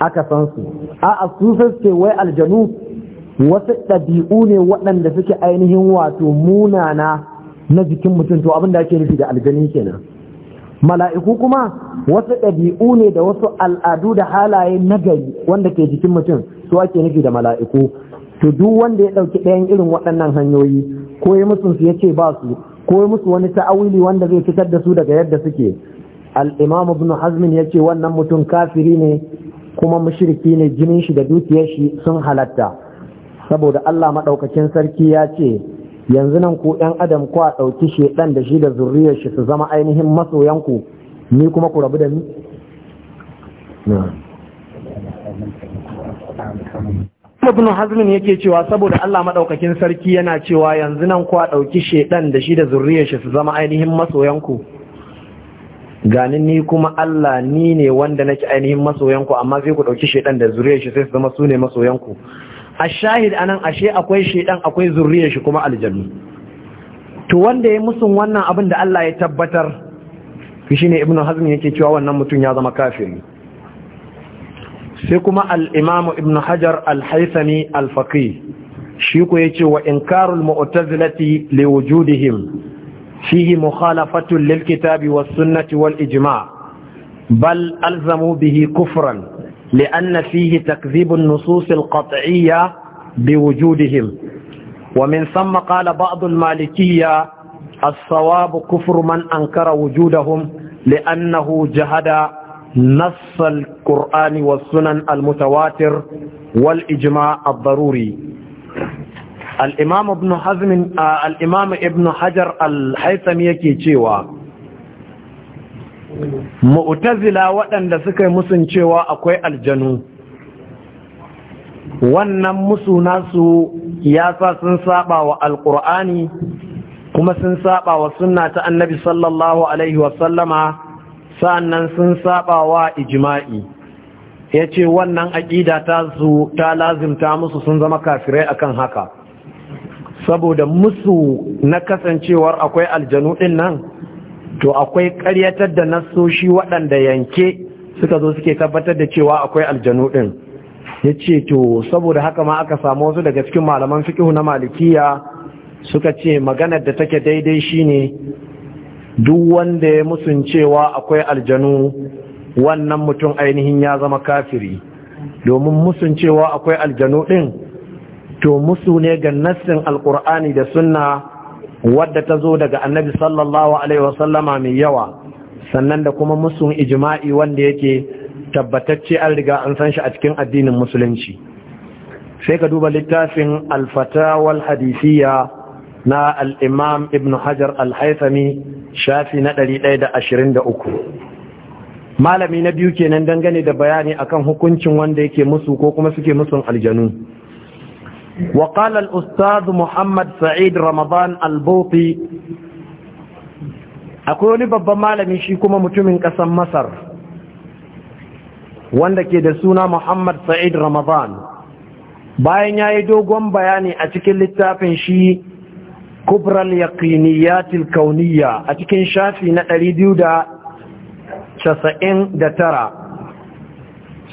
aka san su a su ce wai aljanu wasu ɗabi'u ne waɗanda suke ainihin wato munana na jikin mutum to abin da ake nufi da aljani kenan mala'iku kuma wasu ɗabi'u ne da wasu al'adu da halaye nagari wanda ke jikin mutum su ake nufi da mala'iku to duk wanda ya ɗauki ɗayan irin waɗannan hanyoyi ko ya musu su ya ce ba su ko ya musu wani ta'awili wanda zai fitar da su daga yadda suke al-imam ibn hazmin ya ce wannan mutum kafiri ne kuma mushriki ne jinin shi da dukiyar shi sun halatta saboda Allah maɗaukacin sarki ya ce yanzu nan ku ɗan adam ku a ɗauki shedan da shi da zurriyar shi su zama ainihin masoyanku ni kuma ku rabu da ni ibn hazmin yake cewa saboda Allah madaukakin sarki yana cewa yanzu nan ku a ɗauki shedan da shi da zurriyar shi su zama ainihin masoyanku ganin ni kuma Allah ni ne wanda nake ainihin masoyanku amma sai ku ɗauki shedan da zurriyar shi sai su zama su ne masoyanku A a anan ashe akwai shedan akwai zurriyar shi kuma aljannu to wanda ya musun wannan abin da Allah ya tabbatar shi ne ibnu hazm yake cewa wannan mutum ya zama kafiri sai kuma al-imamu ibnu hajar al-haythami al-faqih shi ko yace wa inkarul mu'tazilati wujudihim fihi mukhalafatu lil kitabi was sunnati wal ijma' bal alzamu bihi kufran لأن فيه تكذيب النصوص القطعية بوجودهم ومن ثم قال بعض المالكية الصواب كفر من أنكر وجودهم لأنه جهد نص القرآن والسنن المتواتر والإجماع الضروري الإمام ابن حزم آه الإمام ابن حجر الحيثم يكي تشيوا mu'tazila waɗanda suka yi musun cewa akwai aljanu wannan musu nasu ya sa sun saba wa alƙur'ani kuma sun saba wa sunna ta annabi sallallahu alaihi wasallama sa'annan sun saba wa ijima'i ya ce wannan aƙida ta su ta lazimta musu sun zama kafirai akan haka saboda musu na kasancewar akwai aljanu ɗin to akwai karyatar da nasoshi waɗanda yanke suka zo suke tabbatar da cewa akwai aljanu ɗin ya ce to saboda haka ma aka samu wasu daga cikin malaman fikihu na malikiya suka ce maganar da take daidai shine duk wanda ya musun cewa akwai aljanu wannan mutum ainihin ya zama kafiri domin musun cewa akwai aljanu ɗin to musu ne ga nassin alkur'ani da sunna wadda ta zo daga annabi sallallahu alaihi wasallama mai yawa sannan da kuma musun ijma'i wanda yake tabbatacce an riga an san shi a cikin addinin musulunci sai ka duba littafin alfatawal hadisiya na al'imam ibn hajar al shafi na 123 malami na biyu kenan dangane da bayani akan hukuncin wanda yake musu ko kuma suke musun aljanu وقال الأستاذ محمد سعيد رمضان البوطي akwai wani babban malami shi kuma mutumin ƙasar masar wanda ke da suna muhammad sa'id ramadan bayan ya yi dogon bayani a cikin littafin shi kubral yaqiniyatil kauniya a cikin shafi na 299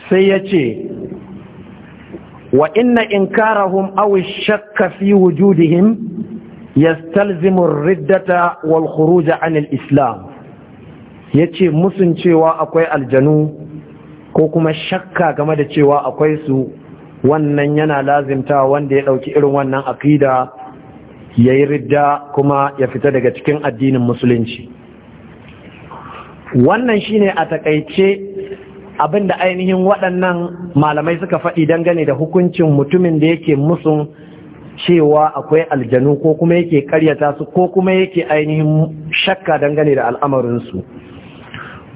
sai ya ce wa inna inkarahum aw shakka fi wujudihim yastalzimu ar-riddata wal khuruj an al-islam yace musun cewa akwai aljanu ko kuma shakka game da cewa akwai su wannan yana lazimta wanda ya dauki irin wannan akida yayi ridda kuma ya fita daga cikin addinin musulunci wannan shine a takaice abin da ainihin waɗannan malamai suka faɗi dangane da hukuncin mutumin da yake musun cewa akwai aljanu ko kuma yake karyata su ko kuma yake ainihin shakka dangane da al'amarinsu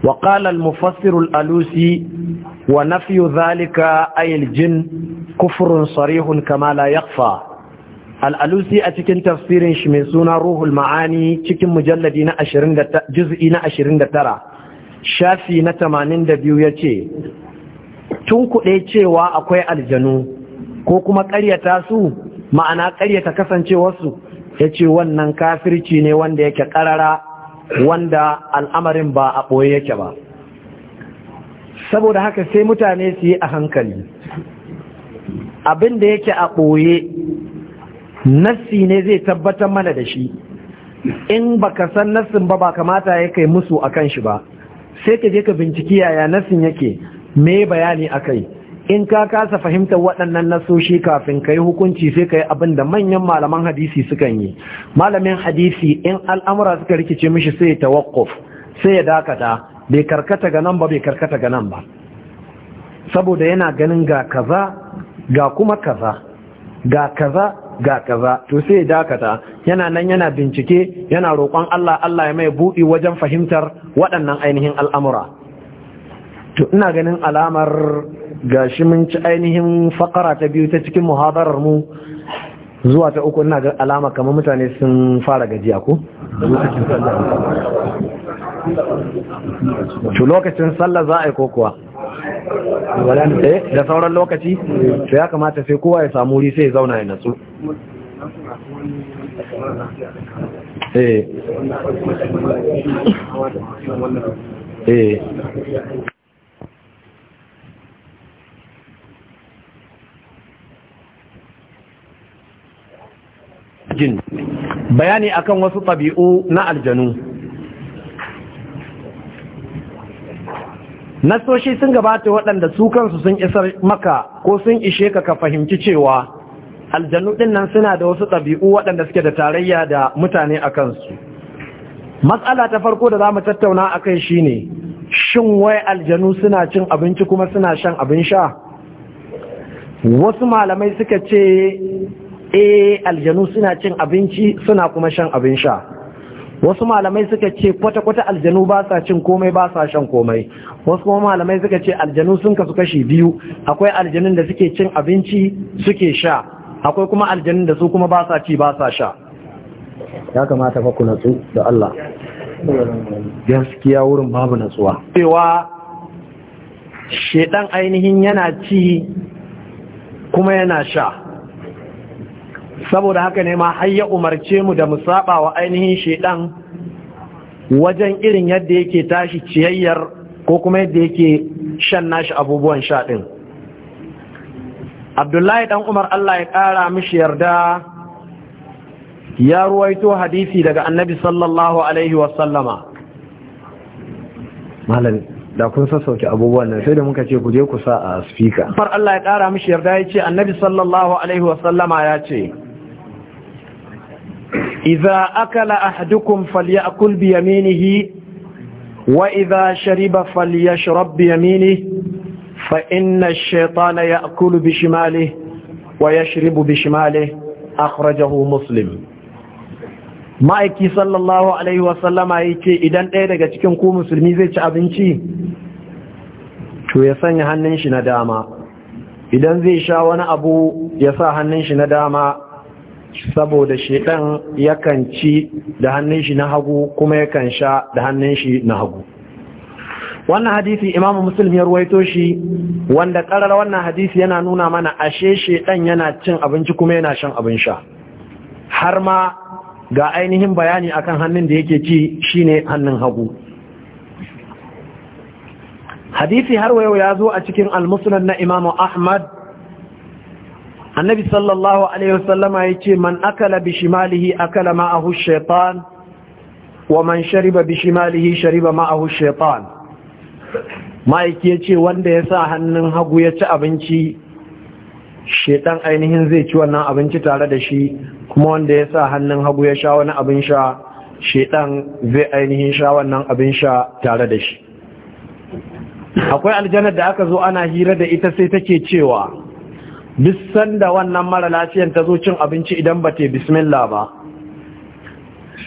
wa qala alusi wa nafyu dhalika ayil jin kufrun sarihun kama la yakhfa al-alusi a cikin tafsirin shi mai suna ruhul ma'ani cikin mujalladi na juz'i na 29 shafi na tamanin da biyu ya ce tun kuɗe cewa akwai aljanu ko kuma ƙaryata su ma'ana ƙaryata kasancewarsu ya ce wannan kafirci ne wanda yake ƙarara wanda al'amarin ba a ɓoye yake ba saboda haka sai mutane su yi a hankali abin da yake a ɓoye nassi ne zai tabbatar mana da shi in baka san nassin ba ba kamata ya kai musu a kan shi ba sai ka je ka binciki yaya nasin yake me bayani akai in ka kasa fahimtar waɗannan nasoshi kafin ka yi hukunci sai ka yi abin da manyan malaman hadisi sukan yi malamin hadisi in al'amura suka rikice mishi sai ya tawakkof sai ya dakata bai karkata ga nan ba bai karkata ga nan ba saboda yana ganin ga kaza ga kuma kaza ga kaza ga kaza to sai dakata yana nan yana bincike yana roƙon Allah Allah ya mai buɗi wajen fahimtar waɗannan ainihin al'amura to ina ganin alamar gashi mun ci ainihin fakara ta biyu ta cikin muhadarar mu zuwa ta uku ina ga alama kamar mutane sun fara gajiya ko to lokacin sallah za a yi kokowa eh, da sauran lokaci to ya kamata sai kowa ya samu wuri sai zauna ya natsu eh eh jin bayani akan wasu tabi'u na aljanu nasoshi sun gabata waɗanda su kansu sun isar maka ko sun ishe ka ka fahimci cewa aljanu ɗin nan suna da wasu ɗabi'u waɗanda suke da tarayya da mutane a kansu matsala ta farko da za mu tattauna a kai shi ne shin wai aljanu suna cin abinci kuma suna shan abin sha wasu malamai suka ce eh aljanu suna cin abinci suna kuma shan abin sha wasu malamai suka ce kwata-kwata aljanu ba sa cin komai ba sa shan komai wasu kuma malamai suka ce aljanu sun kasu kashi biyu akwai aljanun da suke cin abinci suke sha akwai kuma aljanun da su kuma ba sa ci ba sa sha ya kamata fa ku natsu da Allah gaskiya wurin babu natsuwa cewa shedan ainihin yana ci kuma yana sha saboda haka ne ma har ya umarce mu da mu saba wa ainihin shedan wajen irin yadda yake tashi ciyayyar ko kuma yadda yake shan nashi abubuwan sha din Abdullahi dan Umar Allah ya kara mishi yarda ya ruwaito hadisi daga Annabi sallallahu alaihi wasallama malami da kun sassauke abubuwan nan sai da muka ce ku je ku sa a speaker far Allah ya kara mishi yarda ya ce annabi sallallahu alaihi wasallama ya ce idza akala ahadukum falyakul bi yaminihi wa idza shariba falyashrab bi yaminihi fa inna ash-shaytana ya'kulu bi shimalihi wa yashribu bi shimalihi akhrajahu ma'aiki sallallahu alaihi wasallama ya ce idan ɗaya daga cikin ku musulmi zai ci abinci to ya sanya hannun shi na dama idan zai sha wani abu ya sa hannun shi na dama saboda shedan yakan ci da hannun shi na hagu kuma yakan sha da hannun shi na hagu wannan hadisi imamu muslim ya ruwaito shi wanda karar wannan hadisi yana nuna mana ashe shedan yana cin abinci kuma yana shan abin sha har ma ga ainihin bayani akan hannun da yake ci shine hannun hagu hadisi har wayo ya zo a cikin al-musnad na imamu ahmad annabi sallallahu alaihi wasallama ya ce man akala bi shimalihi akala ma'ahu shaitan wa man shariba bi shimalihi shariba ma'ahu shaitan ma'aiki ya ce wanda ya sa hannun hagu ya ci abinci shaitan ainihin zai ci wannan abinci tare da shi kuma wanda ya sa hannun hagu ya sha wani abin sha shaitan zai ainihin sha wannan abin sha tare da shi akwai aljanar da aka zo ana hira da ita sai take cewa bisan da wannan mara lafiyan ta zo cin abinci idan ba ta bismillah ba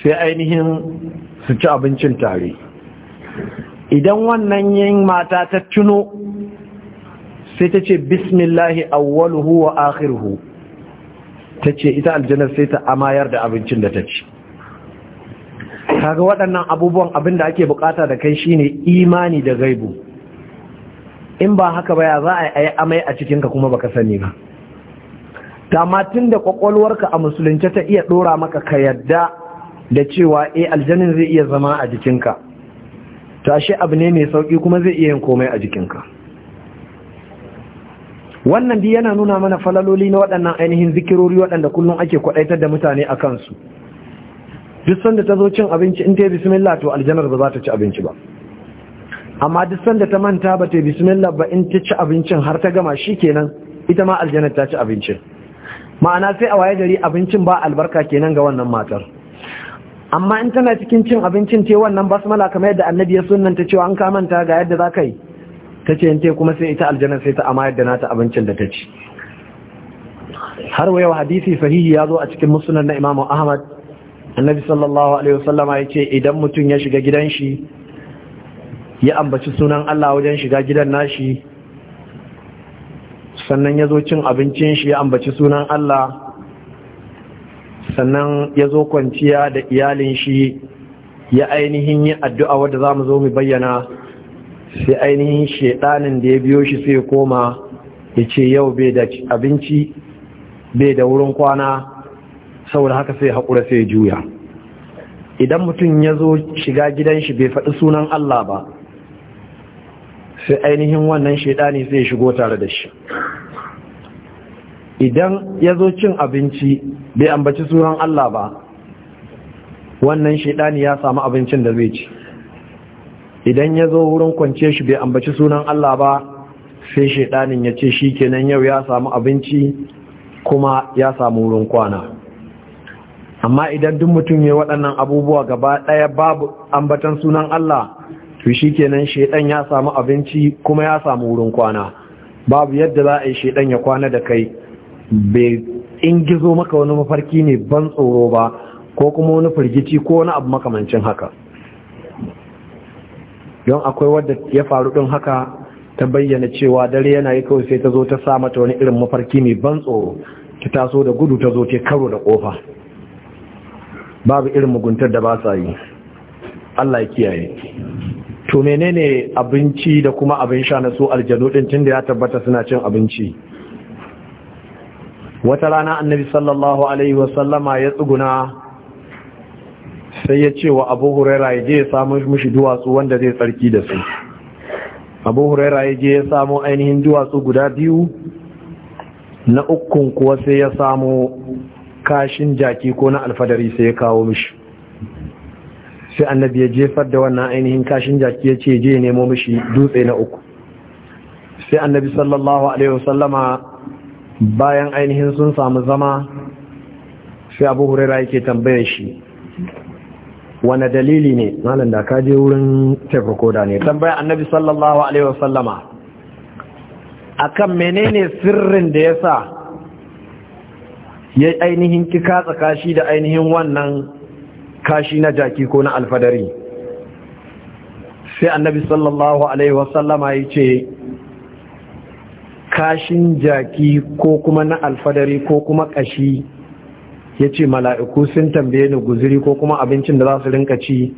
sai ainihin su ci abincin tare idan wannan yin mata ta tuno sai ta ce bismillahi awwaluhu wa akhiruhu ta ce ita aljanar sai ta amayar da abincin da ta ci kaga waɗannan abubuwan abin da ake bukata da kai shine imani da gaibu in ba haka ba ya za a yi amai a cikinka kuma baka sani ba Ta tun da kwakwalwarka a musulunce ta iya ɗora maka ka yadda da cewa eh aljanin zai iya zama a jikinka ta shi abu ne mai sauki kuma zai iya yin komai a jikinka wannan biyu yana nuna mana falaloli na waɗannan ainihin zikirori waɗanda kullum ake kwaɗaitar da mutane a kansu duk sanda ta zo cin abinci in ta yi bismillah to aljanar ba za ta ci abinci ba amma duk sanda ta manta ba ta bismillah ba in ta ci abincin har ta gama shi kenan ita ma aljanna ta ci abincin ma'ana sai a waye gari abincin ba albarka kenan ga wannan matar amma in tana cikin cin abincin ce wannan basmala kamar yadda annabi ya sunnanta cewa an ka manta ga yadda za ka yi ta ce yanke kuma sai ita aljanna sai ta amma da nata abincin da ta ci har yau hadisi sahihi ya zo a cikin musulun na imamu ahmad annabi sallallahu alaihi wasallama ya ce idan mutum ya shiga gidan shi ya ambaci sunan Allah wajen shiga gidan nashi sannan ya zo cin abincin shi ya ambaci sunan Allah sannan ya zo kwanciya da iyalin shi ya ainihin yi addu'a wadda za mu zo mu bayyana sai ainihin shaidanin da ya biyo shi sai koma ya ce yau bai da abinci bai da wurin kwana saboda haka sai haƙura sai juya idan mutum ya zo shiga gidan shi bai faɗi sunan Allah ba sai ainihin wannan shaidani zai shigo tare da shi idan ya zo cin abinci bai ambaci suran Allah ba wannan shaidani ya samu abincin da zai ci idan ya zo wurin kwance shi bai ambaci sunan Allah ba sai shaidanin ya ce shi kenan yau ya samu abinci kuma ya samu wurin kwana amma idan duk mutum ya waɗannan abubuwa gaba ɗaya babu ambatan sunan Allah to kenan shaidan ya samu abinci kuma ya samu wurin kwana babu yadda za a yi shaidan ya kwana da kai bai ingizo maka wani mafarki ne ban tsoro ba ko kuma wani firgici ko wani abu makamancin haka don akwai wadda ya faru din haka ta bayyana cewa dare yana yi kawai sai ta zo ta sa mata wani irin mafarki mai ban tsoro ta taso da gudu ta zo ta karo da kofa babu irin muguntar da ba sa yi Allah ya kiyaye to menene abinci da kuma abin sha na su aljanu din tunda ya tabbata suna cin abinci wata rana annabi sallallahu alaihi wasallama ya tsuguna sai ya ce wa abu huraira ya je ya samu mushi duwatsu wanda zai tsarki da su abu huraira ya je ya samu ainihin duwatsu guda biyu na ukun kuwa sai ya samu kashin jaki ko na alfadari sai ya kawo mishi sai annabi ya jefar da wannan ainihin kashin jaki ya ce je nemo mishi dutse na uku sai annabi sallallahu alaihi wasallama bayan ainihin sun samu zama sai abu hurera yake tambayar shi wane dalili ne malam da ka je wurin tefrokoda ne tambayar annabi sallallahu alaihi wasallama akan menene sirrin da ya sa ya ainihin kika tsakashi da ainihin wannan kashi na jaki ko na alfadari sai annabi sallallahu alaihi wasallama ya ce kashin jaki ko kuma na alfadari ko kuma kashi ya ce mala'iku sun tambaye ni guziri ko kuma abincin da za su rinka ci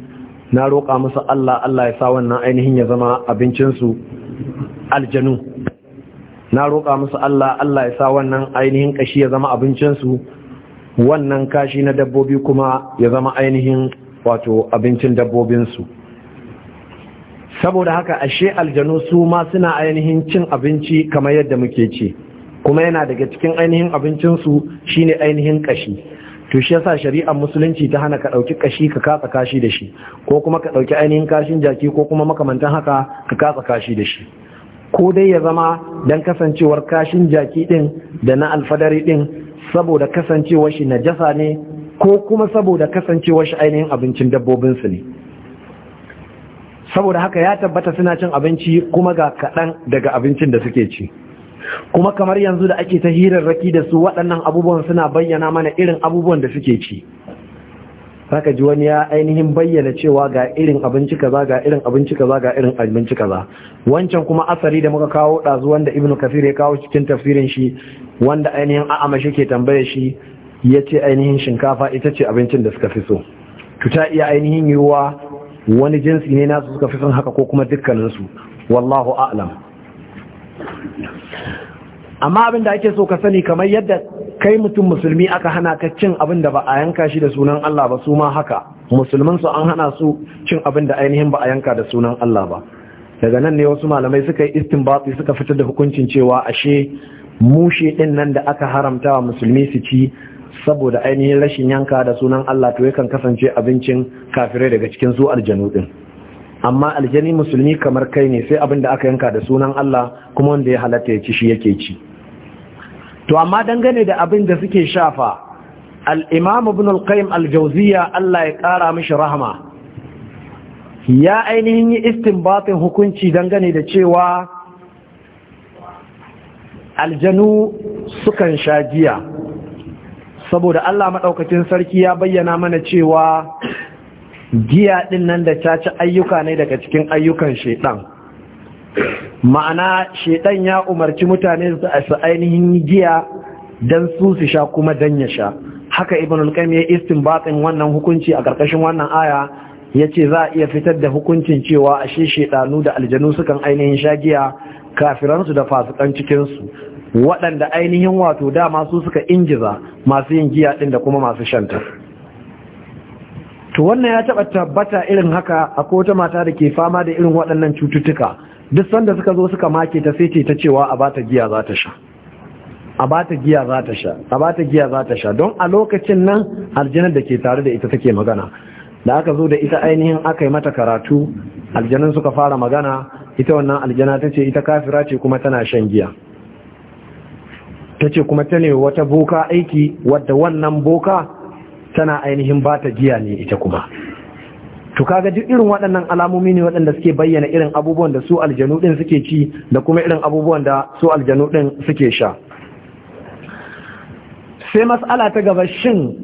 na roƙa musu Allah Allah ya sa wannan ainihin ya zama abincinsu aljanu na roƙa musu Allah Allah ya sa wannan ainihin kashi ya zama abincinsu wannan kashi na dabbobi kuma ya zama ainihin wato abincin dabbobinsu saboda haka ashe aljanu su ma suna ainihin cin abinci kamar yadda muke ci kuma yana daga cikin ainihin abincinsu shine ainihin kashi to shi yasa shari'ar musulunci ta hana ka dauki kashi ka katsa kashi da shi ko kuma ka dauki ainihin kashin jaki ko kuma makamantan haka ka katsa kashi da shi ko dai ya zama dan kasancewar kashin jaki ɗin da na alfadari ɗin? saboda kasancewar shi jasa ne ko kuma saboda kasancewar shi ainihin abincin dabbobinsu ne saboda haka ya tabbata suna cin abinci kuma ga kaɗan daga abincin da suke ci kuma kamar yanzu da ake ta hirarraki da su waɗannan abubuwan suna bayyana mana irin abubuwan da suke ci zaka ji wani ya ainihin bayyana cewa ga irin abinci kaza ga irin abinci kaza ga irin abinci kaza wancan kuma asari da muka kawo dazu wanda ibnu kafir ya kawo cikin tafsirin shi wanda ainihin a'ama shi ke tambaye shi yace ainihin shinkafa ita ce abincin da suka fi so to ta iya ainihin yiwuwa wani jinsi ne nasu suka fi son haka ko kuma dukkaninsu wallahu a'lam amma abin da ake so ka sani kamar yadda kai mutum musulmi aka hana ka cin abin da ba a yanka shi da sunan Allah ba su ma haka musulman su an hana su cin abin da ainihin ba a yanka da sunan Allah ba daga nan ne wasu malamai suka yi istinbati suka fitar da hukuncin cewa ashe mushe din nan da aka haramta wa musulmi su ci saboda ainihin rashin yanka da sunan Allah to yakan kasance abincin kafirai daga cikin su aljanu din amma aljani musulmi kamar kai ne sai abin da aka yanka da sunan Allah kuma wanda ya halatta ya ci shi yake ci to amma dangane da abin da suke shafa al'imam ibn al qayyim al-jauziya Allah ya ƙara mishi rahama ya ainihin yi istinbatin hukunci dangane da cewa aljanu sukan sha jiya, saboda Allah maɗaukacin sarki ya bayyana mana cewa giya ɗin nan da caci ayyuka ne daga cikin ayyukan shaiɗan ma'ana shedan ya umarci mutane su ainihin giya dan su su sha kuma dan ya sha haka ibn al-qayyim ya istinbatin wannan hukunci a karkashin wannan aya yace za a iya fitar da hukuncin cewa ashe shedanu da aljanu sukan ainihin sha giya, kafiransu da fasukan cikin su waɗanda ainihin wato dama su suka ingiza masu yin giya din da kuma masu shanta to wannan ya taɓa tabbata irin haka akwai wata mata da ke fama da irin waɗannan cututtuka duk sanda suka zo suka make ta sai ce ta cewa a bata giya za ta sha a bata giya za ta sha a bata giya za ta sha don a lokacin nan aljanar da ke tare da ita take magana da aka zo da ita ainihin aka yi mata karatu aljanin suka fara magana ita wannan aljana ta ce ita kafira ce kuma tana shan giya ta ce kuma ta ne wata boka aiki wadda wannan boka tana ainihin bata giya ne ita kuma to kaga duk irin waɗannan alamomi ne waɗanda suke bayyana irin abubuwan da su aljanu ɗin suke ci da kuma irin abubuwan da su aljanu ɗin suke sha sai matsala ta gaba shin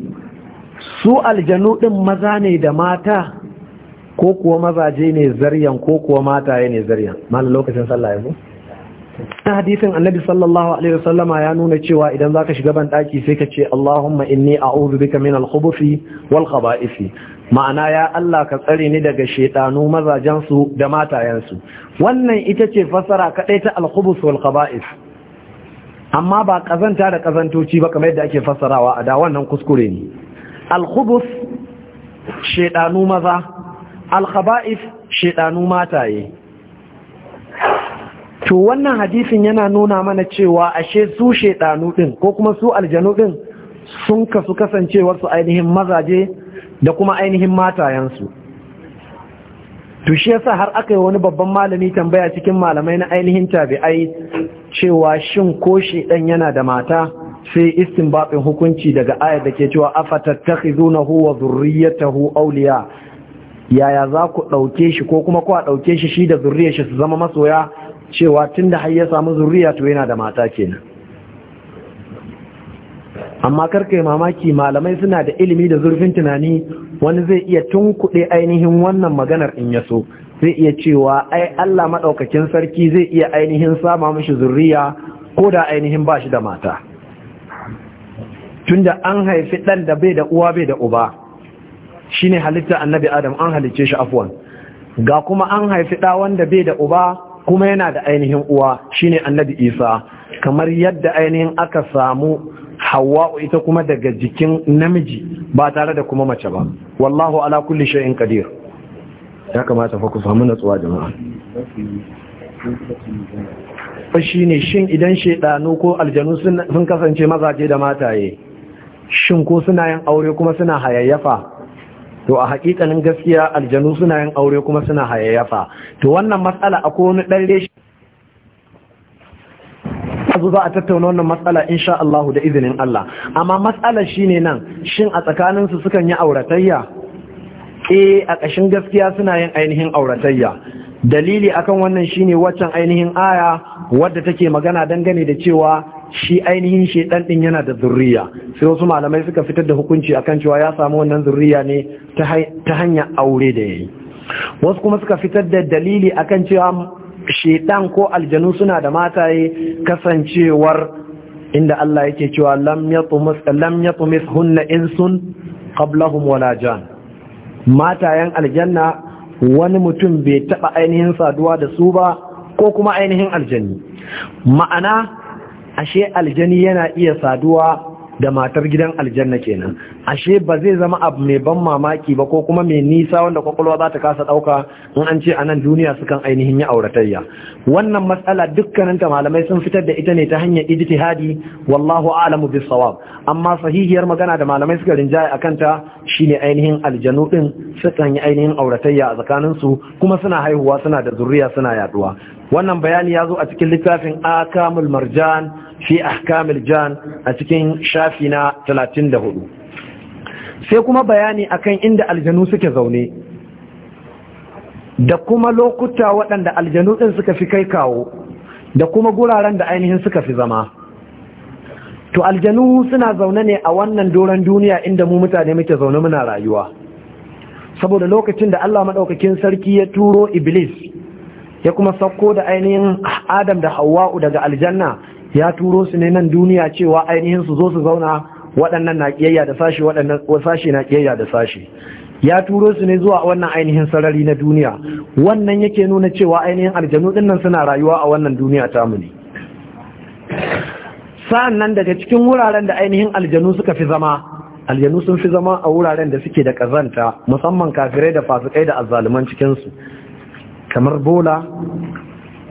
su aljanu ɗin maza ne da mata ko kuwa mazaje ne zaryan ko kuwa mata ya ne zaryan malam lokacin sallah ya na hadisin annabi sallallahu alaihi wasallama ya nuna cewa idan zaka shiga ban daki sai ka ce Allahumma inni a'udhu bika min al-khubuthi wal khaba'isi ma'ana ya Allah ka tsare ni daga shaidanu mazajensu da matayensu wannan ita ce fasara kaɗai ta alkhubus wal qaba'is amma ba kazanta da kazantoci ba kamar yadda ake fasarawa a da wannan kuskure ne alkhubus shaitanu maza alkhaba'is shaitanu mataye to wannan hadisin yana nuna mana cewa ashe su shaitanu din ko kuma su aljanu din sun kasu kasancewar su ainihin mazaje da kuma ainihin matayensu to shi yasa har aka yi wani babban malami tambaya cikin malamai na ainihin tabi'ai cewa shin ko shi dan yana da mata sai istinbatin hukunci daga ayar da ke cewa afatattakhizunahu wa dhurriyyatahu awliya yaya za ku dauke shi ko kuma ku a dauke shi shi da zurriyar shi su zama masoya cewa tunda har ya samu zurriya to yana da mata kenan amma karka yi mamaki malamai suna da ilimi da zurfin tunani wani zai iya tun kuɗe ainihin wannan maganar in ya so zai iya cewa ai Allah maɗaukakin sarki zai iya ainihin sama mashi zurriya ko da ainihin ba shi da mata tunda an haifi ɗan da bai da uwa bai da uba shine halitta annabi adam an halicce shi afuwan, ga kuma an haifi ɗa wanda bai da uba kuma yana da ainihin uwa shine annabi isa kamar yadda ainihin aka samu hawa'u ita kuma daga jikin namiji ba tare da kuma mace ba wallahu ala kulli shay'in qadir ya kamata fa ku samu natsuwa jama'a fa shine shin idan shedanu ko aljanu sun kasance mazaje da mataye shin ko suna yin aure kuma suna hayayyafa to a hakikanin gaskiya aljanu suna yin aure kuma suna hayayyafa to wannan matsala akwai wani dan reshi Yanzu za a tattauna wannan matsala insha Allah da izinin Allah amma matsalar shine nan shin a tsakaninsu sukan yi auratayya eh a ƙashin gaskiya suna yin ainihin auratayya dalili akan wannan shine waccan ainihin aya wadda take magana dangane da cewa shi ainihin shedan ɗin yana da zurriya sai wasu malamai suka fitar da hukunci akan cewa ya samu wannan zurriya ne ta hanyar aure da yayi wasu kuma suka fitar da dalili akan cewa shedan ko aljanu suna da mataye kasancewar inda Allah yake cewa lam yatumus lam yatumis hunna insun qablahum wala jan matayen aljanna wani mutum bai taba ainihin saduwa da su ba ko kuma ainihin aljani ma'ana ashe aljani yana iya saduwa da matar gidan aljanna kenan ashe ba zai zama abu mai ban mamaki ba ko kuma mai nisa wanda kwakwalwa za ta kasa ɗauka in an ce a nan duniya sukan ainihin yi auratayya wannan matsala dukkaninta malamai sun fitar da ita ne ta hanyar ijtihadi wallahu a'lamu bisawab amma sahihiyar magana da malamai suka rinjaya akan ta shine ainihin aljanu din sukan yi ainihin auratayya a tsakanin su kuma suna haihuwa suna da zuriya suna yaduwa wannan bayani ya zo a cikin littafin akamul marjan fi ahkamul jan a cikin shafi na 34 sai kuma bayani akan inda aljanu suke zaune da kuma lokuta waɗanda aljanu ɗin suka fi kai kawo da kuma guraren da ainihin suka fi zama to aljanu suna zaune ne a wannan doron duniya inda mu mutane muke zaune muna rayuwa saboda lokacin da Allah maɗaukakin sarki ya turo iblis ya kuma sauko da ainihin adam da hawa'u daga aljanna ya turo su ne nan duniya cewa ainihin su zo su zauna waɗannan na ƙiyayya da sashi waɗannan sashi na ƙiyayya da sashi ya turo su ne zuwa wannan ainihin sarari na duniya wannan yake nuna cewa ainihin aljanu nan suna rayuwa a wannan duniya ta mu ne sa'an nan daga cikin wuraren da ainihin aljanu suka fi zama aljanu sun fi zama a wuraren da suke da kazanta musamman kafirai da fasikai da azzaluman cikinsu kamar bola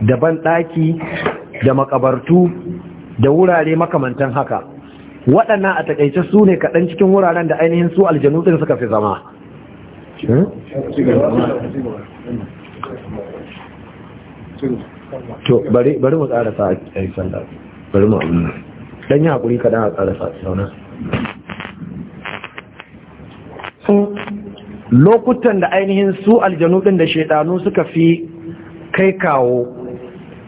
da banɗaki da makabartu da wurare makamantan haka waɗannan a takaice su ne kaɗan cikin wuraren da ainihin su aljanu ɗin suka fi zama hmm? to bari mu ƙarasa a yi sanda bari mu amma ɗan yi haƙuri kaɗan a ƙarasa sauna lokutan da ainihin su aljanu ɗin da shaidanu suka fi kai kawo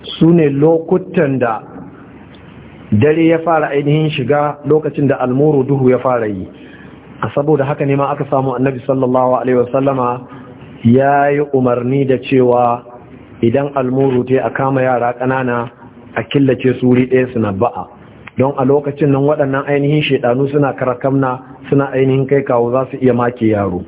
su ne lokutan da dare ya fara ainihin shiga lokacin da almuru duhu ya fara yi a saboda haka ne ma aka samu annabi sallallahu alaihi wasallama ya yi umarni da cewa idan almuru ta a kama yara ƙanana a killace su wuri ɗaya suna ba'a don a lokacin nan waɗannan ainihin shaidanu suna karakamna suna ainihin kai kawo za su iya make yaro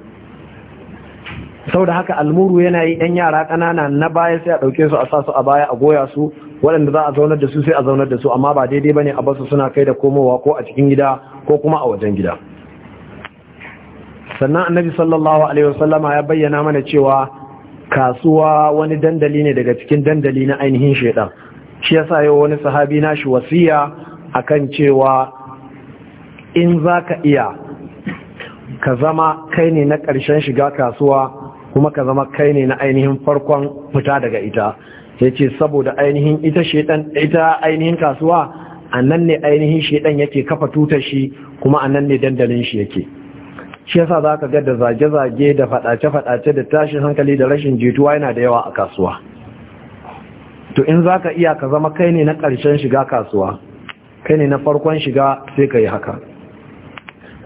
Sau da haka almuru yana yi ɗan yara ƙanana na baya sai a ɗauke su a sa su a baya a goya su waɗanda za a zaunar da su sai a zaunar da su amma ba daidai ba ne a basu suna kai da komowa ko a cikin gida ko kuma a wajen gida sannan annabi sallallahu alaihi wasallama ya bayyana mana cewa kasuwa wani dandali ne daga cikin dandali na ainihin shaidan shi yasa yau wani sahabi nashi wasiya akan cewa in za ka iya ka zama kai ne na ƙarshen shiga kasuwa kuma ka zama kai ne na ainihin farkon fita daga ita sai ce saboda ainihin ita shedan ita ainihin kasuwa annan ne ainihin shedan yake kafa tutar shi kuma annan ne dandalin shi yake shi yasa zaka ga da zage-zage da fadace-fadace da tashin hankali da rashin jituwa yana da yawa a kasuwa to in zaka iya ka zama kai ne na karshen shiga kasuwa kai ne na farkon shiga sai ka yi haka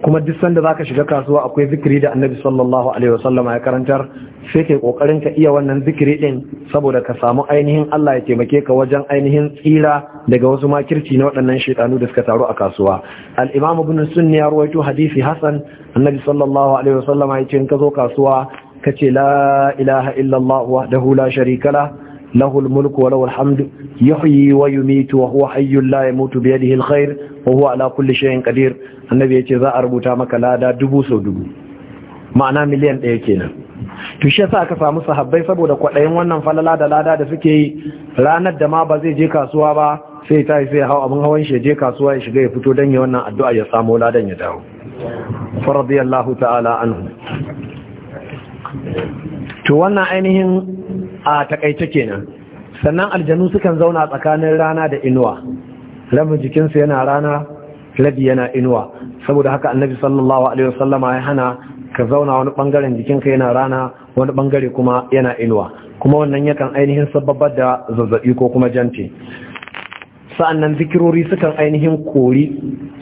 kuma duk sanda zaka shiga kasuwa akwai zikiri da annabi sallallahu alaihi wasallam ya karantar sai kai kokarin ka iya wannan zikiri din saboda ka samu ainihin Allah ya taimake ka wajen ainihin tsira daga wasu makirci na waɗannan shaytanu da suka taru a kasuwa al-imam ibn sunni ya rawaito hadisi hasan annabi sallallahu alaihi wasallam ya ce in ka zo kasuwa kace la ilaha illallah wahdahu la sharika lah له الملك وله الحمد يحيي ويميت وهو حي لا يموت بيده الخير وهو على كل شيء قدير النبي yace za a rubuta maka lada dubu sau dubu ma'ana miliyan ɗaya kenan shi aka samu sahabbai saboda kwaɗayin wannan falala da lada da suke yi ranar da ma ba zai je kasuwa ba sai ta sai hau abin hawan shi je kasuwa ya shiga ya fito dan ya wannan addu'a ya samu ladan ya dawo fa radiyallahu ta'ala anhu to wannan ainihin a takaice kenan sannan aljanu sukan zauna tsakanin rana da inuwa rabin jikinsu yana rana rabi yana inuwa saboda haka annabi sallallahu alaihi wasallama ya hana ka zauna wani bangaren jikinka yana rana wani bangare kuma yana inuwa kuma wannan yakan ainihin sababbar da zazzabi ko kuma janti sa'annan zikirori sukan ainihin kori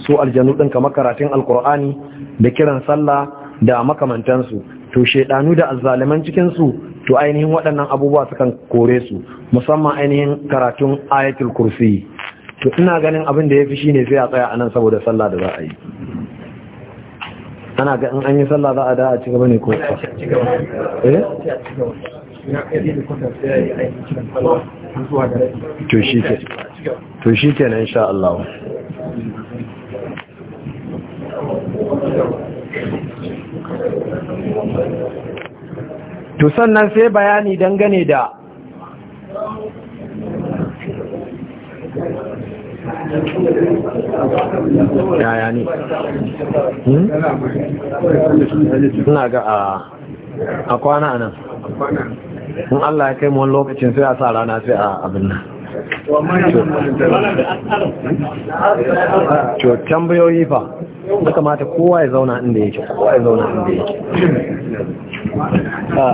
su aljanu ɗin kamar karatun alkur'ani da kiran sallah da makamantansu to shedanu da azzaliman su to ainihin waɗannan abubuwa sukan kore su musamman ainihin karatun ayatul kursi to ina ganin abin da ya fi shine sai a tsaya a nan saboda sallah da za a yi ana ga in an yi sallah za a da a ci gaba ne ko to shi ke nan sha Allah Thank you. to sannan sai bayani dangane da yaya ne suna hmm? ga a kwana nan in Allah ya kai mu wani lokacin sai a sa rana sai a abin nan to tambayoyi fa ya kamata kowa ya zauna inda yake kowa ya zauna inda yake ah,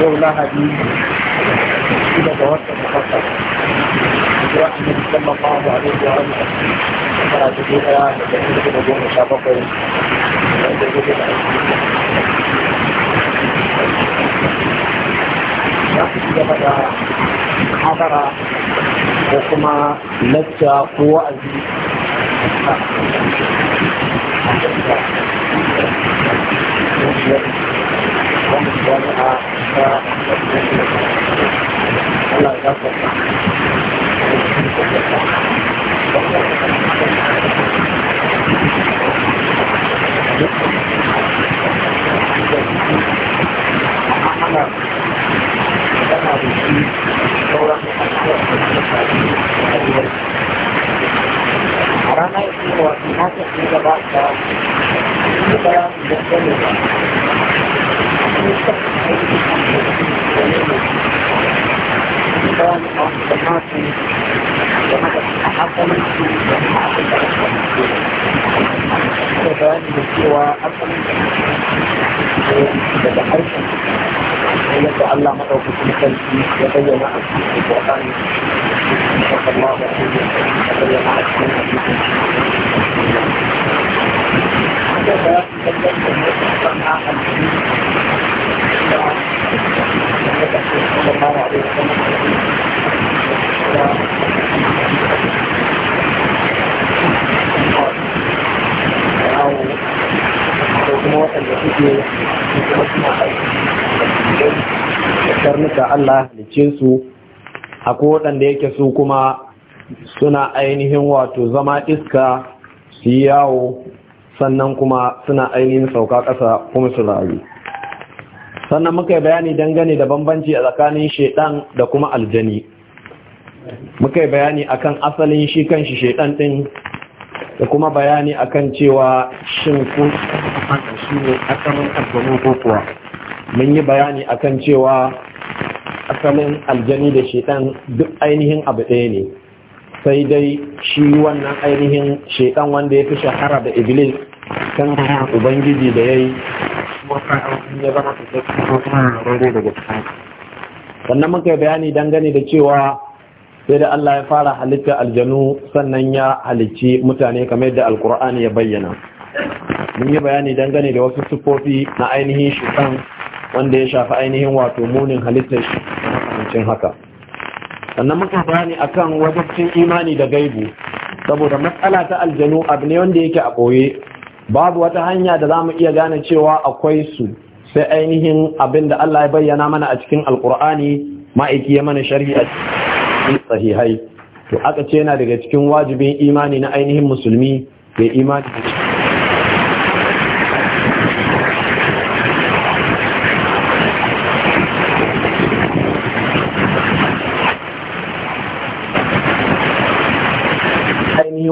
يقول لها دي كده بوابه مخطط وراح نتكلم مع بعض عليه وعلى ترى دي هي اللي كده بقول شباب حضر حكمة لجة قوة عزيزة Allah ya Allah halicce su ko waɗanda yake su kuma suna ainihin wato zama iska su yawo sannan kuma suna ainihin sauka ƙasa kuma su rayu sannan muka yi bayani dangane da bambanci a tsakanin shaidan da kuma aljani muka yi bayani akan asalin shi kanshi shaidan din da kuma bayani akan cewa shin kun shi ne asalin ko kuwa mun yi bayani akan cewa asalin aljani da shaitan duk ainihin abu ɗaya ne sai dai shi wannan ainihin shaitan wanda ya fi shahara da iblis kan ubangiji da ya yi sannan muka bayani dangane da cewa sai da Allah ya fara halitta aljanu sannan ya halicci mutane kamar yadda alkur'ani ya bayyana mun yi bayani dangane da wasu sufofi na ainihin shaitan wanda ya shafi ainihin wato munin halittar shi cikin haka sannan muka bayani akan wajibcin imani da gaibu saboda matsala ta aljanu abu ne wanda yake a ɓoye babu wata hanya da za mu iya gane cewa akwai su sai ainihin abin da Allah ya bayyana mana a cikin alkur'ani ma'aiki ya mana shari'a, a cikin sahihai to aka ce yana daga cikin wajibin imani na ainihin musulmi da imani da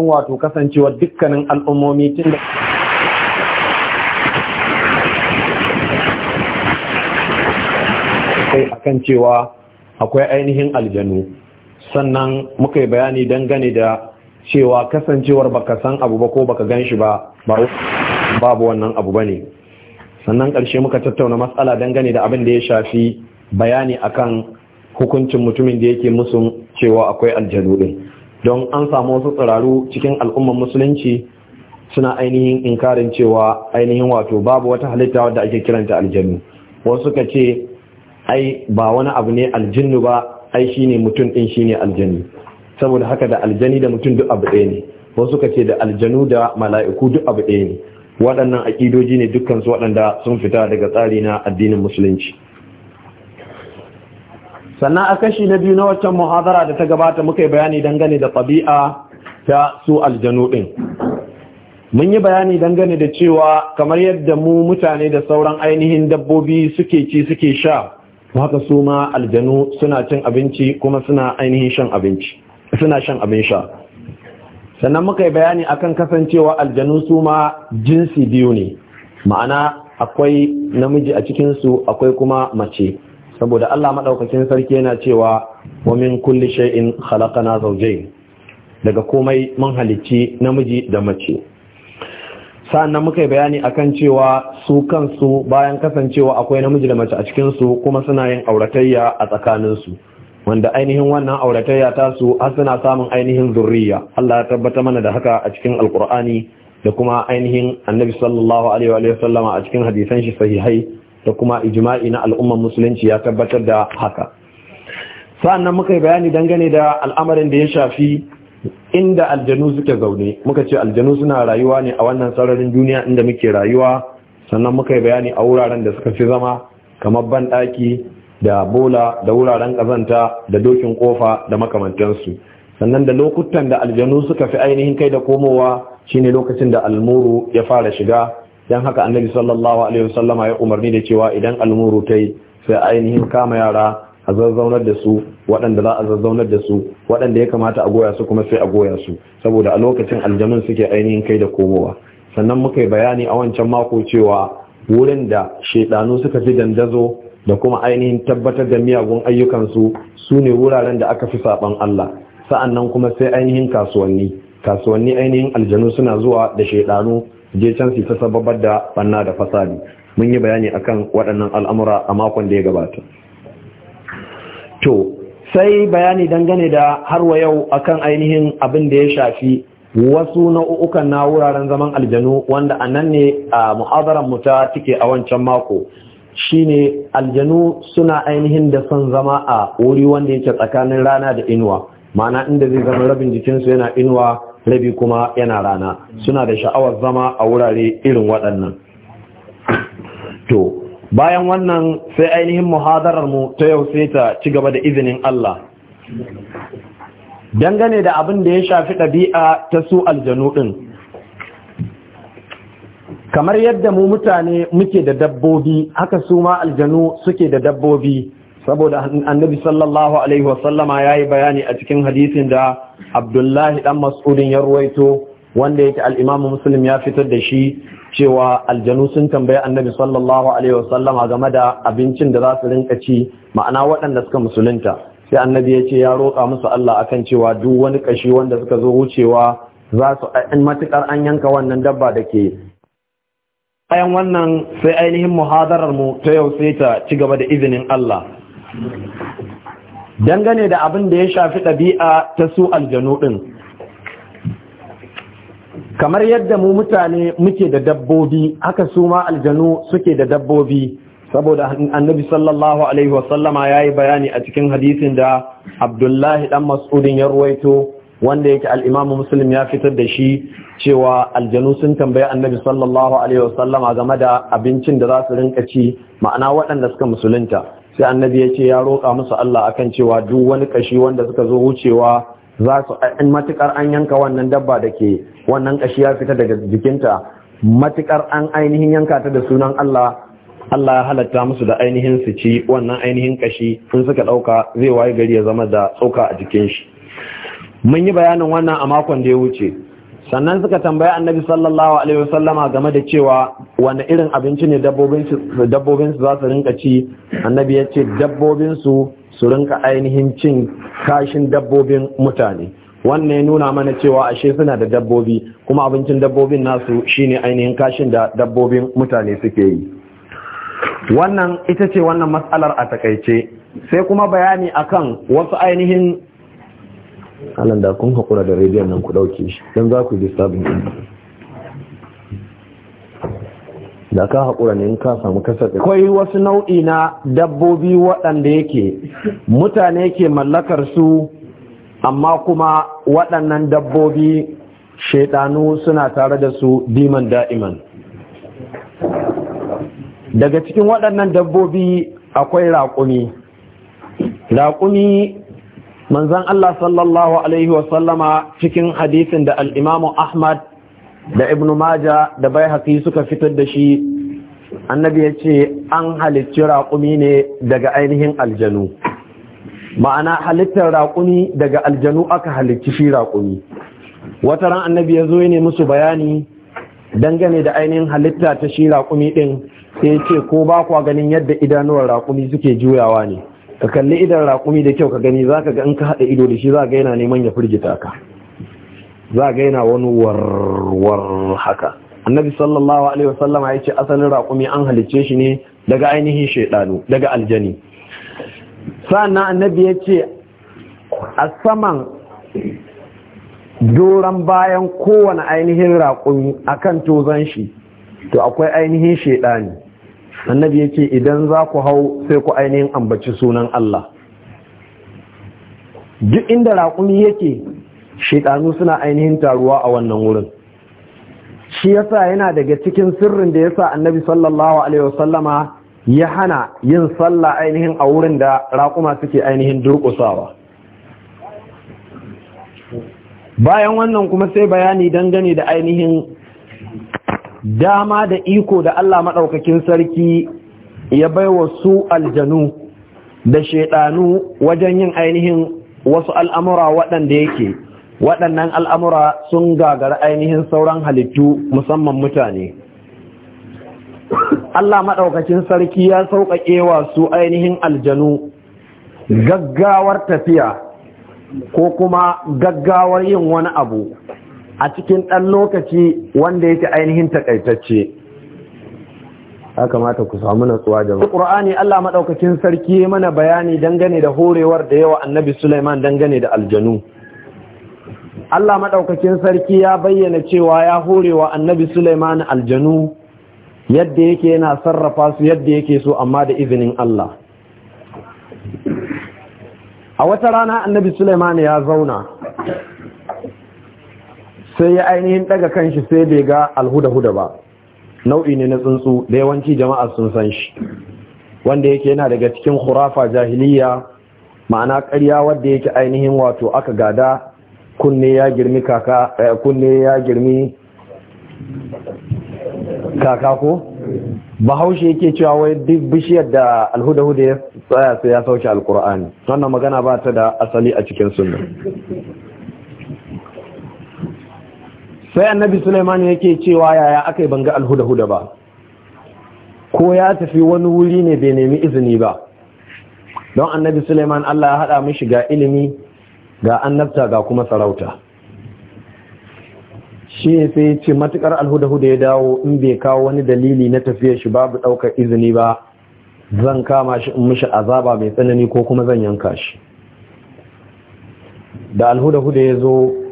wato kasancewa dukkanin al'ummomi tun da kai akan cewa akwai ainihin aljanu sannan muka yi bayani dangane da cewa kasancewar baka san abu ba ko baka gan shi ba babu wannan abu ba ne sannan ƙarshe muka tattauna matsala dangane da abin da ya shafi bayani akan hukuncin mutumin da yake musun cewa akwai aljanu ɗin don an samu wasu tsiraru cikin al'ummar musulunci suna ainihin inkarin cewa ainihin wato babu wata halitta wadda ake kiranta aljannu wasu suka ce ai ba wani abu ne aljannu ba ai shi ne mutum ɗin shi ne aljannu saboda haka da aljani da mutum duk abu ɗaya ne wasu suka ce da aljanu da mala'iku duk abu ɗaya ne waɗannan aƙidoji ne dukkan su waɗanda sun fita daga tsari na addinin musulunci sannan a kashi na biyu na waccan muhazara da ta gabata muka yi bayani dangane da tabi'a ta su aljanu ɗin mun yi bayani dangane da cewa kamar yadda mu mutane da sauran ainihin dabbobi suke ci suke sha haka su ma aljanu suna cin abinci kuma suna ainihin shan abinci suna shan abin sha sannan muka yi bayani akan kasancewa aljanu su ma jinsi biyu ne ma'ana akwai namiji a cikinsu akwai kuma mace saboda Allah maɗaukakin sarki yana cewa wa min kulli shay'in na zawjayn daga komai mun halicci namiji da mace sa'annan muka yi bayani akan cewa su kansu bayan kasancewa akwai namiji da mace a cikin su kuma suna yin auratayya a tsakanin su wanda ainihin wannan auratayya ta su har suna samun ainihin zurriya Allah ya tabbata mana da haka a cikin alkur'ani da kuma ainihin annabi sallallahu alaihi wa sallama a cikin hadisan shi sahihai da kuma ijma'i na al'ummar musulunci ya tabbatar da haka sa'annan muka yi bayani dangane da al'amarin da ya shafi inda aljanu suke zaune muka ce aljanu suna rayuwa ne a wannan sararin duniya inda muke rayuwa sannan muka yi bayani a wuraren da suka fi zama kamar banɗaki da bola da wuraren ƙazanta da dokin ƙofa da makamantansu sannan da lokutan da aljanu suka fi ainihin kai da komowa shine lokacin da almuru ya fara shiga dan haka annabi sallallahu alaihi wasallama ya umarni da cewa idan almuru tai sai ainihin kama yara a zazzaunar da su waɗanda za a zazzaunar da su waɗanda ya kamata a goya su kuma sai a goya su saboda a lokacin aljanun suke ainihin kai da komowa sannan muka yi bayani a wancan mako cewa wurin da shaidanu suka fi dandazo da kuma ainihin tabbatar da miyagun ayyukansu su ne wuraren da aka fi saban Allah sa'an nan kuma sai ainihin kasuwanni kasuwanni ainihin aljanu suna zuwa da shaidanu je can su ta sababar da banna da fasadi mun yi bayani akan waɗannan al'amura a makon da ya gabata to sai bayani dangane da har wa yau akan ainihin abin da ya shafi wasu nau'ukan na wuraren zaman aljanu wanda a nan ne a mu'azaran mu ta take a wancan mako shine aljanu suna ainihin da son zama a wuri wanda yake tsakanin rana da inuwa ma'ana inda zai zama rabin jikinsu yana inuwa rabi kuma yana rana suna da sha'awar zama a wurare irin waɗannan to bayan wannan sai ainihin muhadarar mu ta yau sai ta ci gaba da izinin Allah dangane da abin da ya shafi ɗabi'a ta su aljanu ɗin kamar yadda mu mutane muke da dabbobi haka su ma aljanu suke da dabbobi saboda annabi sallallahu alaihi wasallama ya yi bayani a cikin hadisin da abdullahi dan mas'udin ya ruwaito wanda yake al'imamu muslim ya fitar da shi cewa aljanu sun tambaya annabi sallallahu alaihi wasallama game da abincin da za su rinka ci ma'ana waɗanda suka musulunta sai annabi ya ce ya roƙa musu Allah akan cewa duk wani ƙashi wanda suka zo wucewa za su in matuƙar an yanka wannan dabba da ke bayan wannan sai ainihin muhadarar mu ta yau sai ta ci gaba da izinin Allah dangane da abin da ya shafi ɗabi'a ta su aljanu ɗin kamar yadda mu mutane muke da dabbobi haka su ma aljanu suke da dabbobi saboda annabi sallallahu alaihi wasallama ya yi bayani a cikin hadisin da abdullahi dan mas'udin ya ruwaito wanda yake al'imamu muslim ya fitar da shi cewa aljanu sun tambayi annabi sallallahu alaihi wasallama game da abincin da za su rinka ci ma'ana waɗanda suka musulunta sai annabi ya ce ya roƙa musu Allah akan cewa duk wani kashi wanda suka zo wucewa za su in matukar an yanka wannan dabba da ke wannan kashi ya fita daga jikinta matukar an ainihin yanka ta da sunan Allah Allah ya halatta musu da ainihin su ci wannan ainihin kashi in suka ɗauka zai waye gari ya zama da tsoka a jikin shi mun yi bayanin wannan a makon da ya wuce sannan suka tambaya annabi sallallahu alaihi wasallama game da cewa wani irin abinci ne dabbobin su za su rinka ci annabi ya ce dabbobin su su rinka ainihin cin kashin dabbobin mutane wannan ya nuna mana cewa ashe suna da dabbobi kuma abincin dabbobin nasu shine ainihin kashin da dabbobin mutane suke yi wannan ita ce wannan matsalar a takaice sai kuma bayani akan wasu ainihin halin da kun haƙura da rediyon nan ku dauke shi don za ku yi sabon ɗin da ka haƙura ne in ka samu kasar akwai wasu nau'i na dabbobi waɗanda yake mutane ke mallakar su amma kuma waɗannan dabbobi shaidanu suna tare da su diman da'iman daga cikin waɗannan dabbobi akwai raƙumi raƙumi manzan Allah sallallahu Alaihi wasallama cikin hadisin da al'imamu Ahmad da Ibn Maja da bai haƙi suka fitar da shi annabi ya ce an halicci raƙumi ne daga ainihin aljanu ma'ana halittar raƙumi daga aljanu aka halicci shi raƙumi wata ran annabi ya zo ne musu bayani dangane da ainihin halitta ta shi raƙumi ɗin sai ce ko ba kwa ganin yadda idanuwar raƙumi suke juyawa ne ka kalli idan raƙumi da kyau ka gani za ka ga in ka haɗa ido da shi za ga yana neman ya firgita ka za ga yana wani warwar haka annabi sallallahu alaihi wasallam ya ce asalin raƙumi an halicce shi ne daga ainihin shaidanu daga aljani Sannan annabi ya ce a saman doron bayan kowane ainihin raƙumi akan tozan shi to akwai ainihin shaidani annabi yake idan za ku hau sai ku ainihin ambaci sunan Allah duk inda raƙumi yake Shiɗanu suna ainihin taruwa a wannan wurin shi yasa yana daga cikin sirrin da yasa annabi sallallahu alaihi wasallama ya hana yin sallah ainihin a wurin da raƙuma suke ainihin durƙusawa bayan wannan kuma sai bayani dangane da ainihin dama da iko da Allah maɗaukakin sarki ya baiwa su aljanu da shaidanu wajen yin ainihin wasu al'amura waɗanda yake waɗannan al'amura sun gagara ainihin sauran halittu musamman mutane Allah maɗaukakin sarki ya sauƙaƙe wa su ainihin aljanu gaggawar tafiya ko kuma gaggawar yin wani abu a cikin ɗan lokaci wanda yake ainihin takaitacce ya kamata ku samu natsuwa jama'a Qur'ani Allah Maɗaukakin sarki ya mana bayani dangane da horewar da yawa Annabi Sulaiman dangane da aljanu Allah Maɗaukakin sarki ya bayyana cewa ya horewa Annabi Sulaiman aljanu yadda yake yana sarrafa su yadda yake so amma da izinin Allah a wata rana Annabi Sulaiman ya zauna sai ya ainihin daga kanshi sai bai ga alhuda-huda ba nau'i ne na tsuntsu da yawanci jama'a sun san shi wanda yake yana daga cikin khurafa jahiliya ma'ana karya wadda yake ainihin wato aka gada kunne ya girmi kaka eh, kunne ya girmi kaka ko bahaushe yake cewa wai duk bishiyar da alhuda-huda ya tsaya sai ya sauke alkur'ani wannan magana ba ta da asali a cikin sunna sai annabi Sulaiman yake cewa yaya aka yi banga alhuda-huda ba ko ya tafi wani wuri ne bai nemi izini ba don annabi Sulaiman Allah ya haɗa mishi ga ilimi ga annabta ga kuma sarauta shi ne sai ce matukar alhuda-huda ya dawo in bai kawo wani dalili na tafiyar shi babu ɗaukar izini ba zan kama shi in mishi azaba mai tsanani ko kuma zan yanka shi da alhuda-huda ya zo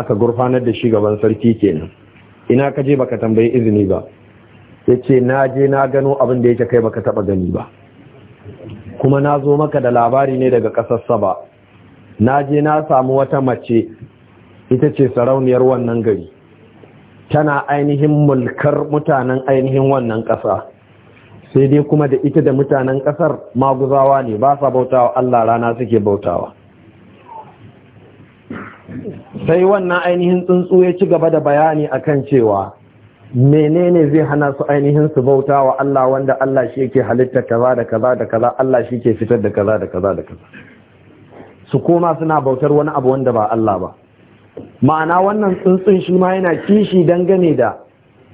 aka gurfanar da shi gaban sarki kenan ina ka je baka tambayi izini ba ya ce na je na gano abin da yake kai baka taba gani ba kuma na zo maka da labari ne daga ƙasar saba na je na samu wata mace ita ce sarauniyar wannan gari tana ainihin mulkar mutanen ainihin wannan ƙasa sai dai kuma da ita da mutanen ƙasar maguzawa ne ba sa bautawa Allah rana suke bautawa sai wannan ainihin tsuntsu ya ci gaba da bayani a kan cewa menene zai hana su ainihin su bauta wa Allah wanda Allah shi yake halitta kaza da kaza da kaza Allah shi ke fitar da kaza da kaza da kaza su koma suna bautar wani abu wanda ba Allah ba ma'ana wannan tsuntsun shi ma yana kishi dangane da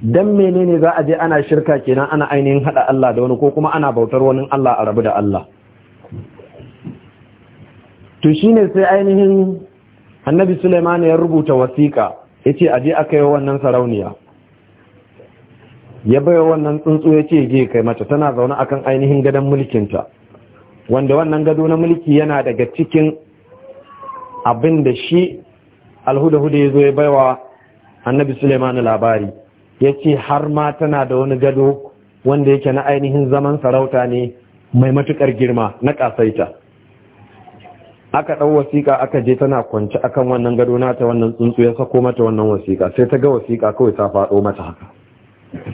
dan menene za a je ana shirka kenan ana ainihin hada Allah da wani ko kuma ana bautar wani Allah a rabu da Allah to shine sai ainihin annabi suleiman ya rubuta wasiƙa ya ce aje aka yi wannan sarauniya ya baiwa wannan tsuntsu ya ce je kai mata tana zaune akan ainihin gadon mulkinta wanda wannan gado na mulki yana daga cikin abin da shi alhuda-huda ya zo ya baiwa annabi suleiman labari ya ce har ma tana da wani gado wanda yake na ainihin zaman sarauta ne mai matukar girma na ƙasaita aka ɗau wasiƙa aka je tana kwance akan wannan gado nata wannan tsuntsu ya sako mata wannan wasiƙa sai ta ga wasiƙa kawai ta faɗo mata haka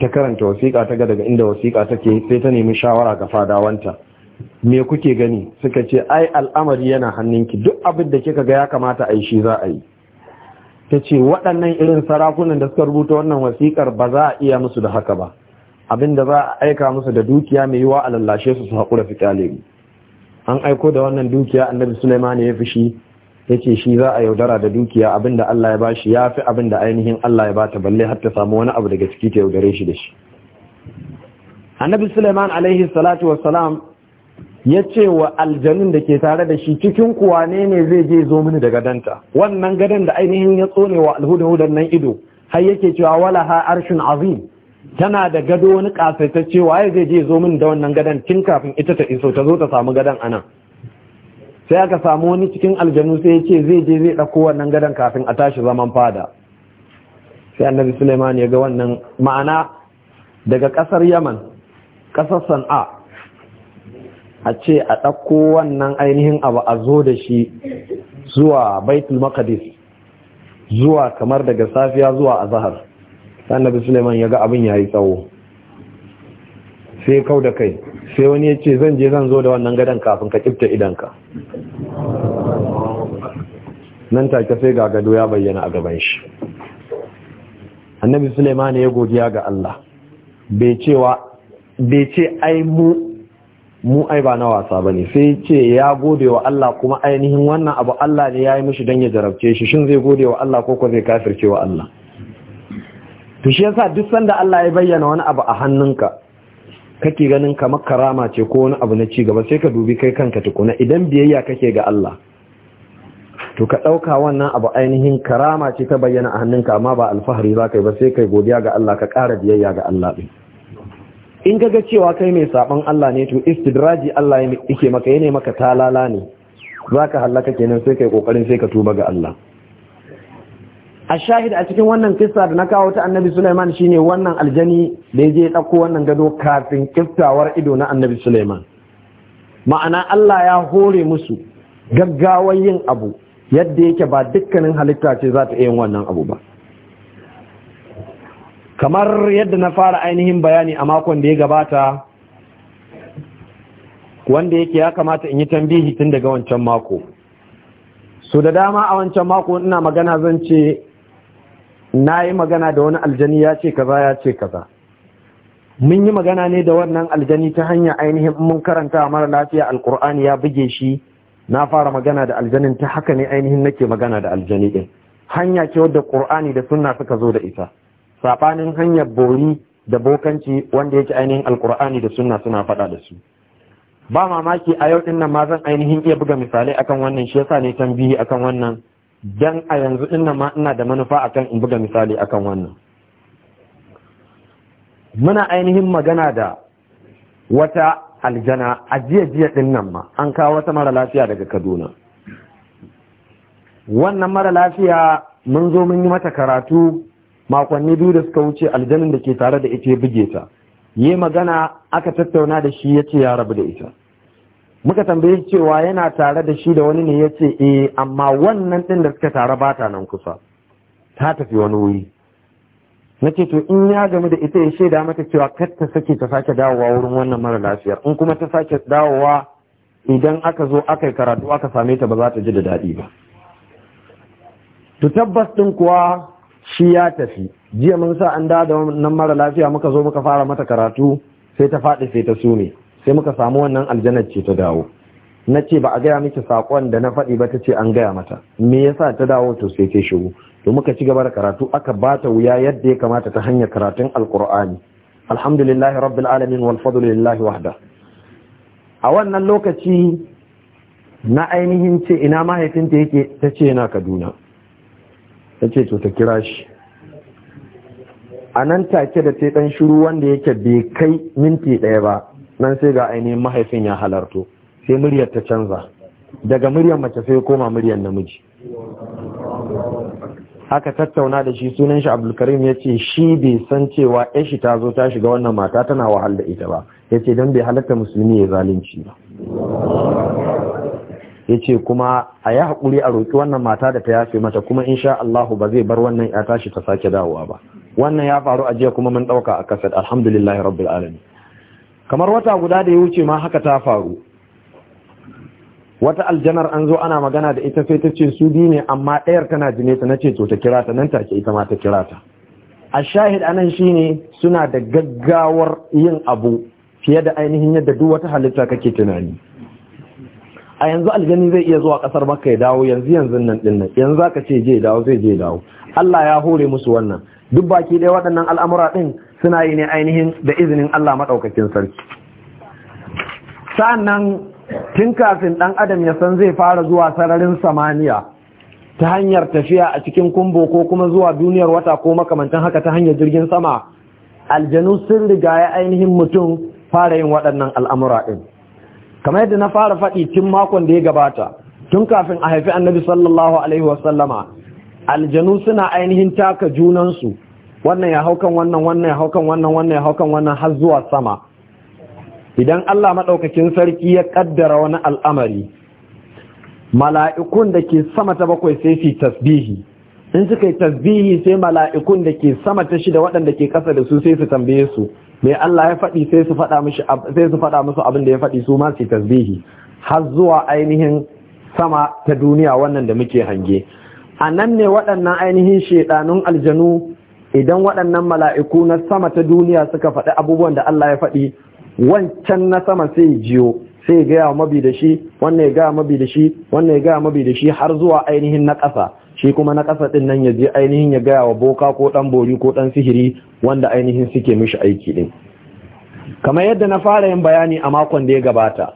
ta karanta wasiƙa ta ga daga inda wasiƙa take sai ta nemi shawara ga fadawanta me kuke gani suka ce ai al'amari yana hannunki duk abin da kika ga ya kamata a yi shi za a yi ta ce waɗannan irin sarakunan da suka rubuta wannan wasiƙar ba za a iya musu da haka ba abin da za a aika musu da dukiya mai yiwa a lallashe su su haƙura su ƙyale mu an aiko da wannan dukiya annabi suleiman ya ya ce shi za a yaudara da dukiya abinda Allah ya ya fi abinda ainihin Allah ya bata balle har ta samu wani abu daga ciki ta yaudare shi da shi annabi Suleiman alaihi salatu wassalam ce wa aljanun da ke tare da shi cikin kuwa ne ne zai je zo mini daga danta wannan gadon da ainihin ya tsone wa alhudahudan nan ido har yake cewa walaha arshun azim tana da gado wani kasaitacce waye zai je zo min da wannan gadon tun kafin ita ta iso ta zo ta samu gadon anan sai aka samu wani cikin aljanu sai ya ce zai je zai ɗauko wannan gadon kafin a tashi zaman fada sai annabi suleiman ya ga wannan ma'ana daga kasar yaman kasar san'a a ce a ɗauko wannan ainihin abu a zo da shi zuwa baitul makadis zuwa kamar daga safiya zuwa azahar annabi suleiman ya ga abin ya yi tsawo sai kau da kai sai wani ya ce zan je zan zo da wannan gadon kafin ka kifta idanka nan take sai ga gado ya bayyana a gaban shi annabi suleiman ya godiya ga allah bai ce ai mu mu ai ba na wasa ba ne sai ce ya gode wa Allah kuma ainihin wannan abu Allah ne ya yi mishi don ya jarabce shi shin zai gode wa Allah ko ko zai kafirce wa Allah to shi yasa duk sanda Allah ya bayyana wani abu a hannunka kake ganin kamar karama ce ko wani abu na ci gaba sai ka dubi kai kanka tukuna idan biyayya kake ga Allah to ka ɗauka wannan abu ainihin karama ce ta bayyana a hannunka amma ba alfahari za ka yi ba sai kai godiya ga Allah ka ƙara biyayya ga Allah din in ka ga cewa kai mai sabon Allah ne to istidraji Allah yake maka yana maka talala ne za ka hallaka kenan sai kai kokarin sai ka tuba ga Allah a shahid a cikin wannan kissa da na kawo ta annabi Suleiman shine wannan aljani da ya je dauko wannan gado kafin kiftawar ido na annabi Suleiman. ma'ana Allah ya hore musu gaggawar yin abu yadda yake ba dukkanin halitta ce za ta yin wannan abu ba kamar yadda na fara ainihin bayani a makon da ya gabata wanda yake ya kamata in yi tambihi tun daga wancan mako so da dama a wancan mako ina magana zan ce na yi magana da wani aljani ya ce kaza ya ce kaza mun yi magana ne da wannan aljani ta hanyar ainihin mun karanta mara lafiya alkur'ani ya buge shi na fara magana da aljanin ta haka ne ainihin nake magana da aljani din hanya ce wadda Kur'ani da sunna suka zo da ita sabanin hanyar bori da bokanci wanda yake ainihin alkur'ani da sunna suna faɗa da su ba mamaki a yau din nan ma zan ainihin iya buga misalai akan wannan shi yasa ne tambihi akan wannan dan a yanzu dinnan ma ina da manufa akan in buga misali akan wannan muna ainihin magana da wata aljana a jiya jiya dinnan ma an kawo wata mara lafiya daga Kaduna wannan mara lafiya mun zo mun yi mata karatu makonni biyu da suka wuce aljanin da ke tare da ita ya buge ta yi magana aka tattauna da shi ya ce ya rabu da ita muka tambaye cewa yana tare da shi da wani ne ya ce eh amma wannan ɗin da suka tare ba ta nan kusa ta tafi wani wuri na ce to in ya gamu da ita ya shaida mata cewa kar ta sake ta sake dawowa wurin wannan mara lafiyar in kuma ta sake dawowa idan aka zo aka yi karatu aka same ta ba za ta ji da daɗi ba to tabbas ɗin kuwa shi ya tafi jiya mun sa an da wannan mara lafiya muka zo muka fara mata karatu sai ta faɗi sai ta sume sai muka samu wannan aljanar ce ta dawo na ce ba a gaya miki saƙon da na faɗi ba ta ce an gaya mata me yasa ta dawo to sai ta shigo to muka ci gaba da karatu aka ba ta wuya yadda ya kamata ta hanyar karatun Alƙur'ani. alhamdulillahi rabbil alamin wal fadlu lillahi wahda a wannan lokaci na ainihin ce ina mahaifinta yake ta ce yana kaduna ta ce to ta kira shi a nan take da ta ɗan shiru wanda yake bai kai minti ɗaya ba nan sai ga ainihin mahaifin ya halarto sai muryar ta canza daga muryar mace sai koma muryar namiji aka tattauna da shi sunan shi abdulkarim ya ce shi bai san cewa yashi ta zo ta shiga wannan mata tana wahal da ita ba ya ce don bai halatta musulmi ya zalunci ba ya ce kuma a yi haƙuri a roƙi wannan mata da ta yafe mata kuma insha Allahu ba zai bar wannan ya tashi ta sake dawowa ba wannan ya faru a jiya kuma mun ɗauka a kasar alhamdulillahi rabbil alamin kamar wata guda da ya wuce ma haka ta faru wata aljanar an zo ana magana da ita sai ta ce su biyu ne amma ɗayar tana jine ta nace to ta kira ta nan take ita ma ta kira ta a shahid anan shine suna da gaggawar yin abu fiye da ainihin yadda duk wata halitta kake tunani a yanzu aljani zai iya zuwa kasar makka ya dawo yanzu yanzu nan din nan yanzu zaka ce je dawo zai je dawo Allah ya hore musu wannan duk baki ɗaya waɗannan al'amura ɗin suna yi ne ainihin da izinin Allah maɗaukakin sarki sa'annan tun kafin ɗan adam ya san zai fara zuwa sararin samaniya ta hanyar tafiya a cikin kumbo ko kuma zuwa duniyar wata ko makamantan haka ta hanyar jirgin sama aljanu sun riga ya ainihin mutum fara yin waɗannan al'amura ɗin kamar yadda na fara faɗi tun makon da ya gabata tun kafin a haifi annabi sallallahu alaihi wasallama aljanu suna ainihin taka junansu wannan ya haukan wannan wannan ya haukan wannan wannan ya haukan wannan har zuwa sama idan Allah maɗaukakin sarki ya ƙaddara wani al'amari mala'ikun da ke sama ta bakwai sai su tasbihi in suka yi tasbihi sai mala'ikun da ke sama ta shida waɗanda ke kasa da su sai su tambaye su mai Allah ya faɗi sai su faɗa musu abin da ya faɗi su ma su tasbihi har zuwa ainihin sama ta duniya wannan da muke hange a nan ne waɗannan ainihin shaiɗanun aljanu idan waɗannan mala'iku na sama ta duniya suka faɗi abubuwan da Allah ya faɗi wancan na sama sai jiyo sai ya gaya mabi da shi wannan ya gaya mabi da shi wannan ya gaya mabi da shi har zuwa ainihin na ƙasa shi kuma na ƙasa ɗin nan ya je ainihin ya gaya wa boka ko ɗan bori ko ɗan sihiri wanda ainihin suke mishi aiki ɗin kamar yadda na fara yin bayani a makon da ya gabata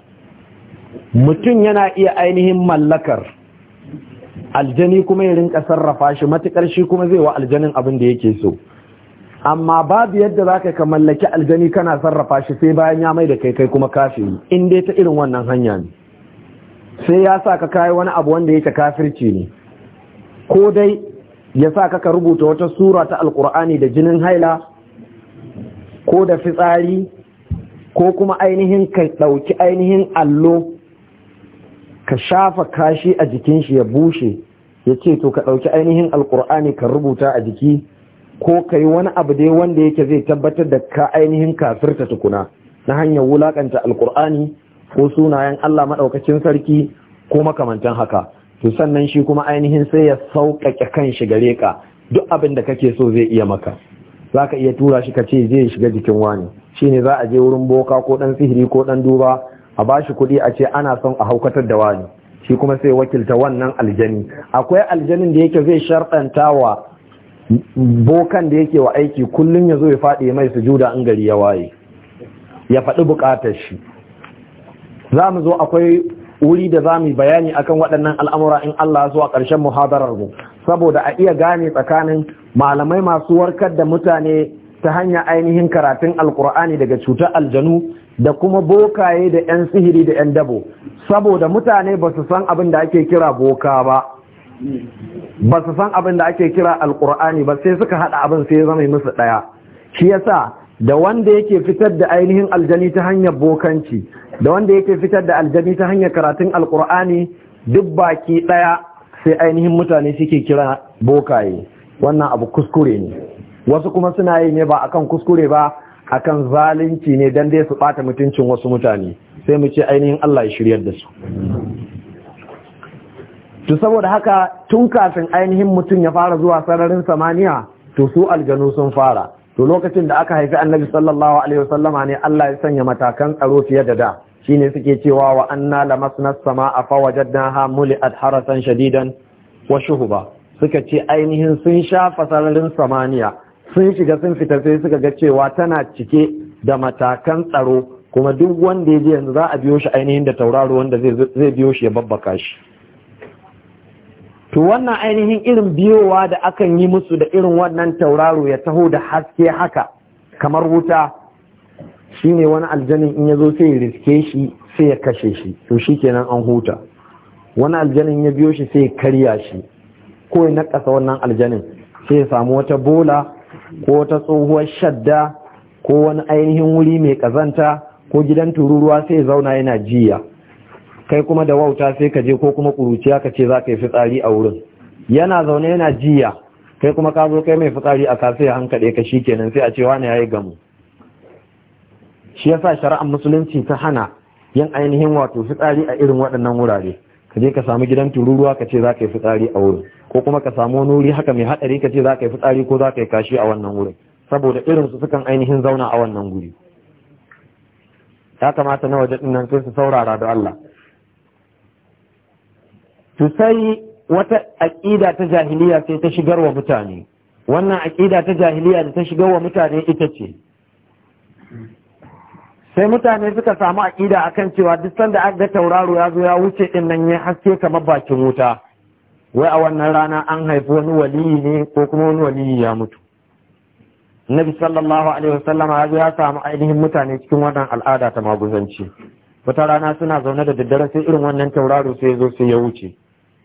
mutum yana iya ainihin mallakar aljani kuma ya rinka sarrafa shi matukar shi kuma zai wa aljanin abin da yake so amma babu yadda zaka ka mallaki aljani kana sarrafa shi sai bayan ya mai da kai kai kuma kafiri in dai ta irin wannan hanya ne sai ya sa ka kayi wani abu wanda yake kafirci ne ko dai ya sa ka ka rubuta wata sura ta alkur'ani da jinin haila ko da fitsari ko kuma ainihin ka ɗauki ainihin allo ka shafa kashi a jikin shi ya bushe ya ce to ka ɗauki ainihin alkur'ani ka rubuta a jiki ko ka yi wani abu dai wanda yake zai tabbatar da ka ainihin kafirta tukuna na hanyar wulakanta alkur'ani ko sunayen Allah maɗaukacin sarki ko makamantan haka to sannan shi kuma ainihin sai ya sauƙaƙe kan shi gare ka duk abin da kake so zai iya maka za ka iya tura shi ka ce zai shiga jikin wani shine za a je wurin boka ko ɗan sihiri ko ɗan duba a bashi kuɗi a ce ana son a haukatar da wani shi kuma sai wakilta wannan aljani akwai aljanin da yake zai sharɗanta wa bokan da yake wa aiki kullum ya zo ya faɗi mai su sujuda an gari ya waye ya faɗi buƙatar shi za mu zo akwai wuri da za mu bayani akan waɗannan al'amura in Allah a ƙarshen muhadarar mu saboda a iya gane tsakanin malamai masu warkar da mutane ta hanyar ainihin karatun alkur'ani daga cutar aljanu da kuma bokaye da 'yan sihiri da 'yan dabo saboda mutane ba su san abin da ake kira boka ba ba su san abin da ake kira alkur'ani ba sai suka haɗa abin sai zama musu ɗaya shi yasa da wanda yake fitar da ainihin aljani ta hanyar bokanci da wanda yake fitar da aljani ta hanyar karatun alkur'ani duk baki ɗaya sai ainihin mutane suke kira bokaye wannan abu kuskure ne wasu kuma suna yi ne ba akan kuskure ba akan zalunci ne dan dai su bata mutuncin wasu mutane sai mu ce ainihin Allah ya shiryar da su to saboda haka tun kafin ainihin mutum ya fara zuwa sararin samaniya to su aljanu sun fara to lokacin da aka haifi annabi sallallahu alaihi wasallama ne Allah ya sanya matakan tsaro fiye da da shine suke cewa wa anna lamasna as-samaa fa wajadnaha muli'at harasan shadidan wa shuhuba suka ce ainihin sun shafa sararin samaniya sun shiga sun fitar sai suka ga cewa tana cike da matakan tsaro kuma duk wanda ya je yanzu za a biyo shi ainihin da tauraro wanda zai biyo shi ya babbaka shi to wannan ainihin irin biyowa da akan yi musu da irin wannan tauraro ya taho da haske haka kamar wuta shine wani aljanin in ya zo sai ya riske shi sai ya kashe shi to shi kenan an huta wani aljanin ya biyo shi sai ya karya shi ko ya naƙasa wannan aljanin sai ya samu wata bola ko ta tsohuwar shadda ko wani ainihin wuri mai kazanta ko gidan tururuwa sai zauna yana jiya kai kuma da wauta sai ka je ko kuma kuruciya ka ce za ka yi fitsari a wurin yana zaune yana jiya kai kuma ka zo kai mai fitsari a kasu ya hankaɗe ka shi kenan sai a cewa wani ya yi gamu shi yasa shari'ar musulunci ta hana yin ainihin wato fitsari a irin waɗannan wurare ka je ka samu gidan tururuwa ka ce za ka yi fitsari a wurin ko kuma ka samu wani wuri haka mai haɗari ka ce za ka yi fitsari ko za ka yi kashi a wannan wurin saboda irin su sukan ainihin zauna a wannan guri ya kamata na waje dinnan sai su saurara da Allah su sai wata aƙida ta jahiliya sai ta shigar wa mutane wannan aƙida ta jahiliya da ta shigar wa mutane ita ce sai mutane suka samu aƙida kan cewa duk sanda aka ga tauraro ya zo ya wuce ɗin nan ya haske kamar bakin wuta wai a wannan rana an haifi wani waliyi ne ko kuma wani waliyi ya mutu Nabi sallallahu alaihi wasallam ya zo ya samu ainihin mutane cikin wannan al'ada ta maguzanci wata rana suna zaune da daddare sai irin wannan tauraro sai ya zo sai ya wuce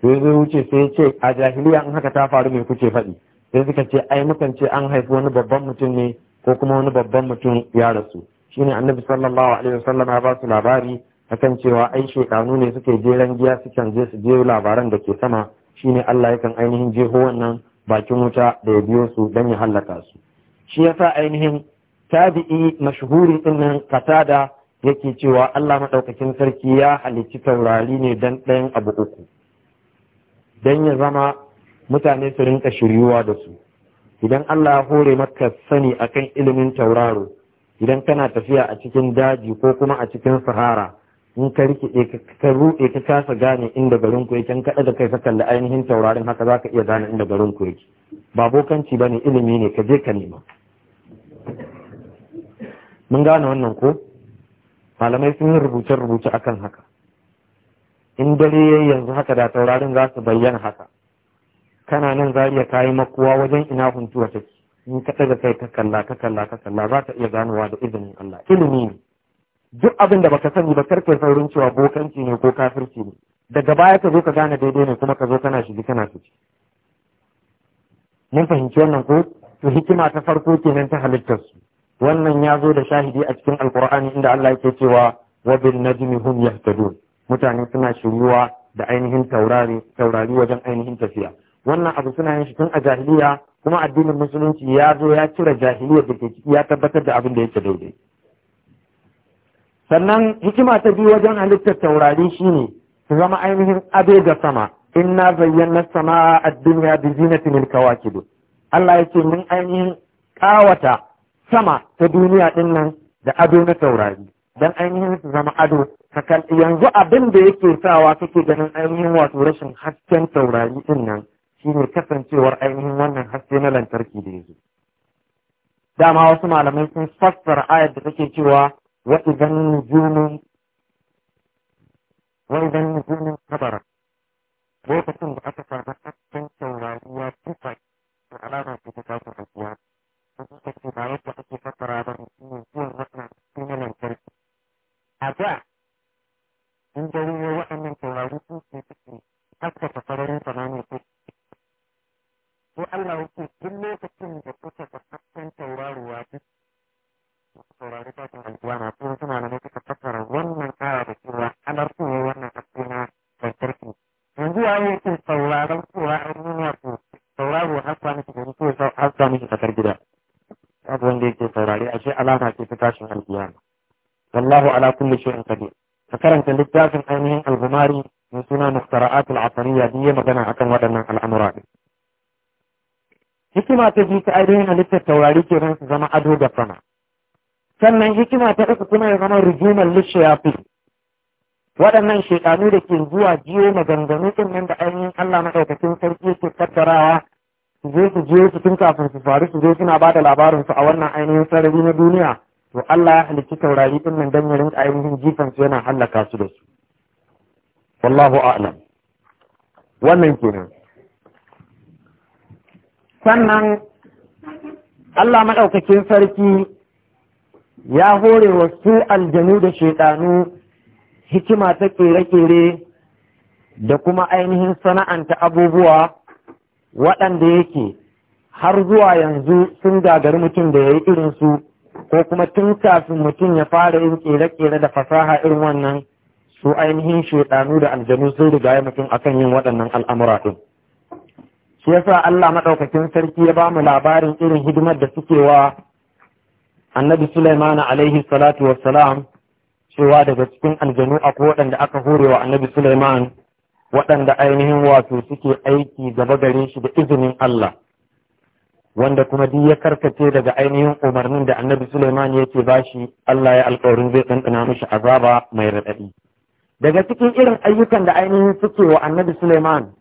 sai ya wuce sai ya ce a jahiliya in haka ta faru mai kuke faɗi sai suka ce ai mukan ce an haifi wani babban mutum ne ko kuma wani babban mutum ya rasu shine annabi sallallahu alaihi wasallam ya ba su labari akan cewa ai shekanu ne suke jeran giya sukan je su je labaran da ke sama shine Allah yakan ainihin jeho wannan bakin wuta da ya biyo su dan ya hallaka su shi yasa ainihin tabi'i mashhuri dinnan katada yake cewa Allah madaukakin sarki ya halicci taurari ne dan ɗayan abu uku dan ya zama mutane su rinka shiryuwa da su idan Allah ya hore maka sani akan ilimin tauraro idan kana tafiya a cikin daji ko kuma a cikin sahara in ka rike ka ruɗe ka kasa gane inda garin ku yake in da kai ka kalli ainihin taurarin haka za ka iya gane inda garin ku yake ba bokanci ba ne ilimi ne ka je ka nema mun gane wannan ko malamai sun yi rubuce-rubuce akan haka in dare yayi yanzu haka da taurarin za su bayyana haka kana nan za iya kayi makuwa wajen ina huntuwa take in ka ɗaga kai ka kalla ka kalla ka kalla za ta iya ganowa da izinin Allah ilimi ne duk abin da baka sani ba karfe saurin cewa bokanci ne ko kafirci ne daga baya ka zo ka gane daidai ne kuma ka zo kana shi kana ci mun fahimci wannan ko to hikima ta farko kenan ta halittar su wannan ya zo da shahidi a cikin alkur'ani inda Allah yake cewa wa bin najmi hum yahtadun mutane suna shiruwa da ainihin taurari taurari wajen ainihin tafiya wannan abu suna yin shi tun a jahiliya kuma addinin musulunci ya zo ya cire jahiliyar da ke ciki ya tabbatar da abin da yake daidai sannan hikima ta biyu wajen halittar taurari shine su zama ainihin abe ga sama inna zayyana sama a duniya bi zinatin alkawakib Allah ce mun ainihin kawata sama ta duniya din nan da ado na taurari dan ainihin su zama ado yanzu abin da yake sawa kake ganin ainihin wato rashin hasken taurari din nan shine kasancewar ainihin wannan haske na lantarki da yazo dama wasu malamai sun fassara ayar da take cewa wa idan nujumun wa idan nujumun kabara lokacin da aka samu hasken taurari ya tufa da alama ce ta tashin alkiya wasu suka ce ba yadda ake fassara ba ne shine zuwan wannan haske na lantarki a da in dare wa'annan taurari sun ce suke haskaka sararin samaniya ko ko Allah hukun duk lokacin da kuka tafafan tauraruwa duk saurari ta tun alkuwa na kuma suna da suka fassara wannan kara da cewa alar ne wannan abu na lantarki yanzu ya yi ce tauraron cewa a nuna ku tauraru har sa miki gari ko har sa miki tsakar gida abu wanda yake saurari ashe alama ce ta tashin alkiyama wallahu ala kulli shay'in qadir ka karanta littafin ainihin al-Bukhari mai suna Mukhtara'atul Asariya duk ya magana akan waɗannan al'amura din hikima ta biyu ta ainihin halittar taurari ke su zama ado da fana sannan hikima ta uku kuma ya zama rujumar lishiyafi waɗannan shekaru da ke zuwa jiyo maganganu ɗin nan da ainihin Allah maɗaukakin sarki yake tattarawa su je su jiyo su tun kafin su faru su je suna ba da labarin su a wannan ainihin sarari na duniya to Allah ya halicci taurari ɗin nan don ya ainihin jifan su yana hallaka su da su wallahu a'lam wannan kenan sannan Allah maɗaukakin sarki ya hore wa su aljanu da shaiɗanu hikima ta ƙere-ƙere da kuma ainihin sana'anta abubuwa waɗanda yake har zuwa yanzu sun gagari mutum da ya yi irinsu ko kuma tun kafin mutum ya fara yin ƙere-ƙere da fasaha irin wannan su ainihin shaiɗanu da aljanu sun riga mutum akan yin waɗannan al'amura ɗin. shi yasa Allah maɗaukakin sarki ya bamu labarin irin hidimar da suke wa annabi Sulaiman alaihi salatu wassalam cewa daga cikin aljanu akwai waɗanda aka hore wa annabi Sulaiman waɗanda ainihin wato suke aiki gaba gare shi da izinin Allah wanda kuma duk ya karkace daga ainihin umarnin da annabi Sulaiman yake bashi Allah ya alƙawarin zai ɗanɗana mishi azaba mai raɗaɗi daga cikin irin ayyukan da ainihin suke wa annabi Sulaiman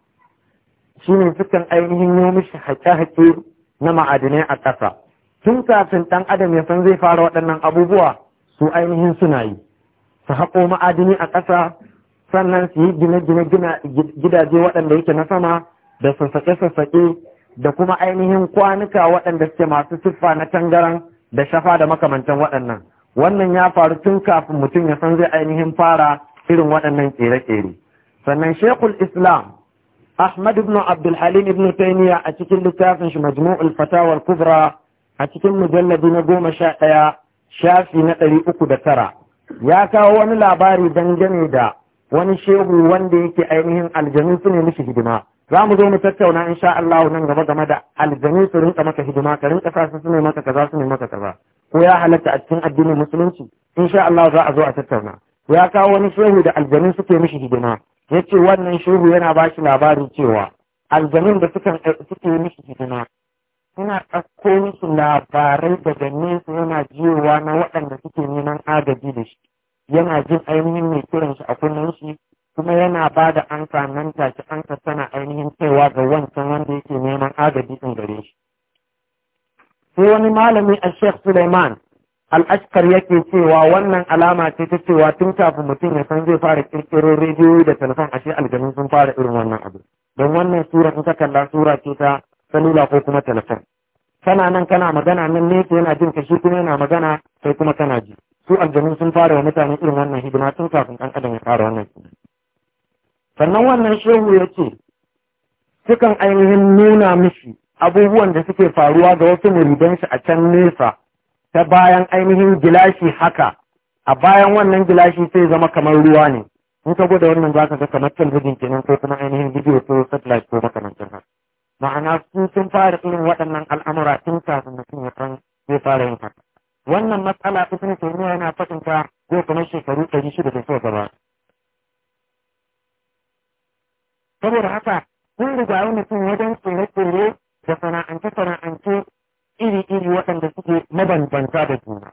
Shi ne sukan ainihin yi mishi haƙe-haƙe na ma'adinai a ƙasa tun kafin ɗan adam ya san zai fara waɗannan abubuwa su ainihin suna yi su haƙo ma'adini a ƙasa sannan su yi gine-gine gidaje waɗanda yake na sama da sassaƙe-sassaƙe da kuma ainihin kwanuka waɗanda suke masu siffa na tangaran da shafa da makamantan waɗannan wannan ya faru tun kafin mutum ya san zai ainihin fara irin waɗannan ƙere-ƙere sannan shekul islam Ahmad ibn Abdul Halim ibn Taymiya a cikin littafin shi Majmu'ul Fatawa Kubra a cikin mujallabi na goma sha ɗaya shafi na ɗari uku da tara ya kawo wani labari dangane da wani shehu wanda yake ainihin aljanu su ne mishi hidima za mu zo mu tattauna insha Allah nan gaba game da aljanu su rinka maka hidima ka rinka sa su ne maka kaza su ne maka kaza ko ya halatta a cikin addinin musulunci insha Allah za a zo a tattauna ya kawo wani shehu da aljanu suke mishi hidima ya ce wannan shehu yana ba shi labarin cewa aljanun da suka suke mishi hidima suna ɗauko musu labarai daga nesa yana jiyowa na waɗanda suke neman agaji da shi yana jin ainihin mai kiran shi a kunnen shi kuma yana ba da ansa nan take ansa tana ainihin cewa ga wancan wanda yake neman agaji ɗin gare shi sai wani malami a Sheikh Suleiman al'askar yake cewa wannan alama ce ta cewa tun kafin mutum ya san zai fara kirkiro rediyo da telefon shi aljanun sun fara irin wannan abu don wannan sura ta ka kalla sura ce ta salula ko kuma telefon kana nan kana magana nan ne yana jin ka kuma yana magana sai kuma kana ji su aljanun sun fara wa mutane irin wannan hidima tun kafin ɗan adam ya fara wannan sannan wannan shehu ya ce sukan ainihin nuna mishi abubuwan da suke faruwa ga wasu muridansu a can nesa ta bayan ainihin gilashi haka a bayan wannan gilashi sai zama kamar ruwa ne in ka gwada wannan za ka ga kamar talabijin kenan ko kuma ainihin bidiyo ko satellite ko makamancin haka ma'ana su sun fara irin waɗannan al'amura tun kafin mutum ya kan zai fara yin haka wannan matsala ta sun kimiyya yana faɗinta zai kamar shekaru ɗari shida da suka gaba saboda haka sun rigayi mutum wajen tsere-tsere da sana'ance-sana'ance iri-iri waɗanda suke mabambanta da juna.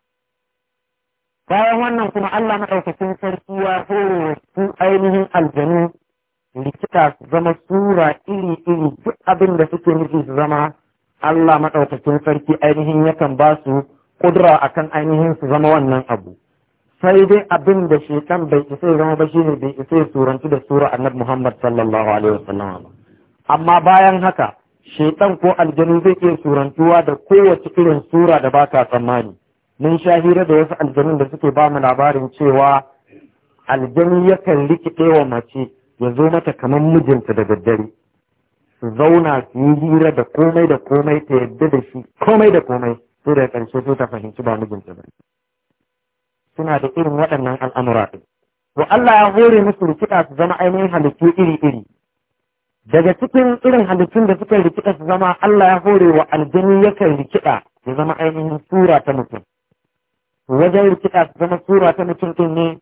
Bayan wannan kuma Allah maɗaukacin sarki ya horo wa su ainihin aljanu likita su zama sura iri-iri duk abin da suke nufi su zama Allah maɗaukacin sarki ainihin yakan ba su ƙudura akan ainihin su zama wannan abu. Sai dai abin da shekan bai isa zama ba ne, bai isa turanci da sura annabi Muhammad sallallahu alaihi wasallam. Amma bayan haka shaitan ko aljanu zai iya surantuwa da kowace irin sura da ba ta tsammani mun sha hira da wasu aljanun da suke ba mu labarin cewa aljanu yakan rikide wa mace ya zo mata kamar mijinta da daddare su zauna su yi hira da komai da komai ta yadda da shi komai da komai sai da ƙarshe sai ta fahimci ba mijinta ba suna da irin waɗannan al'amura ɗin to Allah ya hore musu rikida su zama ainihin halittu iri-iri daga cikin irin halittun da suka rikita su zama Allah ya hore wa aljani yakan rikida ya zama ainihin sura ta mutum wajen rikida su zama sura ta mutum ɗin ne